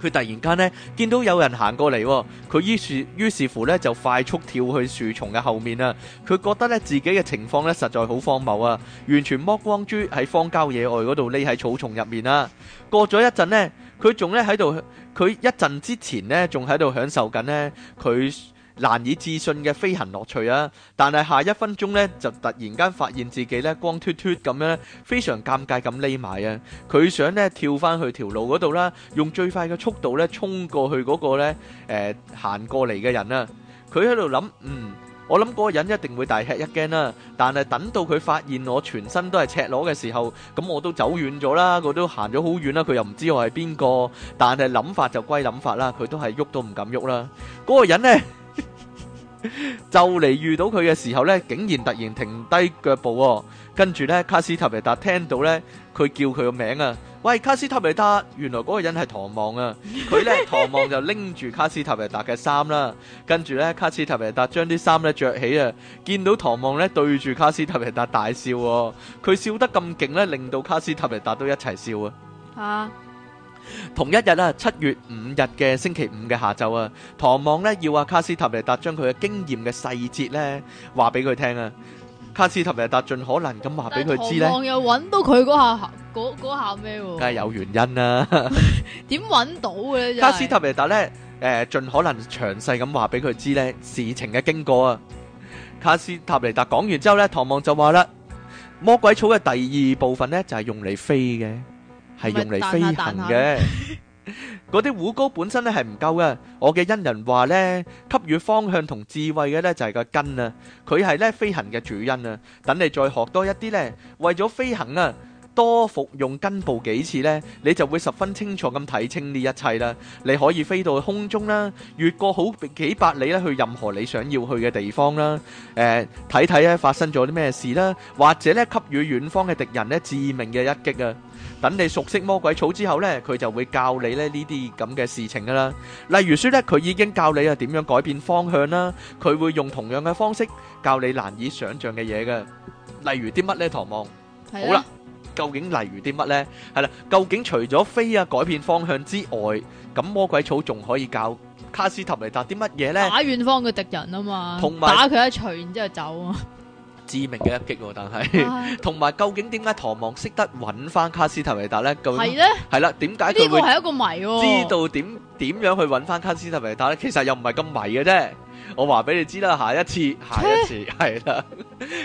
[SPEAKER 2] 佢突然間呢見到有人行過嚟，佢於是於是乎呢就快速跳去樹叢嘅後面啦！佢覺得呢自己嘅情況呢實在好荒謬啊，完全剝光豬喺荒郊野外嗰度匿喺草叢入面啦。過咗一陣呢，佢仲呢喺度，佢一陣之前呢仲喺度享受緊呢佢。難以置信嘅飛行樂趣啊！但係下一分鐘咧，就突然間發現自己咧光脫脫咁樣，非常尷尬咁匿埋啊！佢想咧跳翻去條路嗰度啦，用最快嘅速度咧衝過去嗰個咧誒行過嚟嘅人啊！佢喺度諗，嗯，我諗嗰個人一定會大吃一驚啦！但係等到佢發現我全身都係赤裸嘅時候，咁我都走遠咗啦，我都行咗好遠啦，佢又唔知我係邊個。但係諗法就歸諗法啦，佢都係喐都唔敢喐啦。嗰個人咧～就嚟遇到佢嘅時候呢，竟然突然停低腳步，跟住呢，卡斯塔維達聽到呢，佢叫佢個名啊，喂卡斯塔維達，原來嗰個人係唐望啊，佢呢，唐望就拎住卡斯塔維達嘅衫啦，跟住呢，卡斯塔維達將啲衫呢着起啊，見到唐望呢對住卡斯塔維達大笑，佢笑得咁勁呢，令到卡斯塔維達都一齊笑啊。同一日啦，七月五日嘅星期五嘅下晝啊，唐望咧要阿卡斯塔尼達將佢嘅經驗嘅細節咧話俾佢聽啊，卡斯塔尼達盡可能咁話俾佢知咧。唐
[SPEAKER 1] 望又搵到佢嗰下嗰嗰下咩、啊？梗係
[SPEAKER 2] 有原因啦、啊。
[SPEAKER 1] 點 搵到嘅？卡斯
[SPEAKER 2] 塔尼達咧誒，盡、呃、可能詳細咁話俾佢知咧事情嘅經過啊。卡斯塔尼達講完之後咧，唐望就話啦：魔鬼草嘅第二部分咧就係、是、用嚟飛嘅。.係用嚟飛行嘅嗰啲糊膏本身咧係唔夠嘅。我嘅恩人話咧，給予方向同智慧嘅咧就係個根啦。佢係咧飛行嘅主因啦。等你再學多一啲咧，為咗飛行啊，多服用根部幾次咧，你就會十分清楚咁睇清呢一切啦。你可以飛到空中啦，越過好幾百里啦，去任何你想要去嘅地方啦。誒，睇睇啊，發生咗啲咩事啦，或者咧給予遠方嘅敵人咧致命嘅一擊啊！等你熟悉魔鬼草之後咧，佢就會教你咧呢啲咁嘅事情噶啦。例如說咧，佢已經教你啊點樣改變方向啦，佢會用同樣嘅方式教你難以想象嘅嘢嘅。例如啲乜咧，唐望，好啦，究竟例如啲乜咧？係啦，究竟除咗飛啊改變方向之外，咁魔鬼草仲可以教卡斯特尼達啲乜嘢咧？打
[SPEAKER 1] 遠方嘅敵人啊嘛，同埋打佢一錘然之後走啊。
[SPEAKER 2] 致命嘅一擊喎，但係同埋究竟點解唐望識得揾翻卡斯特維達咧？究竟係咧，係啦，點解佢會呢個係一
[SPEAKER 1] 個謎喎？知
[SPEAKER 2] 道點點樣去揾翻卡斯特維達咧？其實又唔係咁謎嘅啫，我話俾你知啦，下一次，下一次，係啦，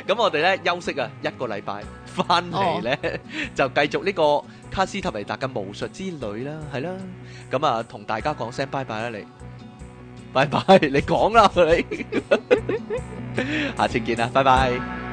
[SPEAKER 2] 咁我哋咧休息啊一個禮拜，翻嚟咧就繼續呢個卡斯特維達嘅巫術之旅啦，係啦，咁啊同大家講聲拜拜啦，你。拜拜，你講啦，你，下次見啦，拜拜。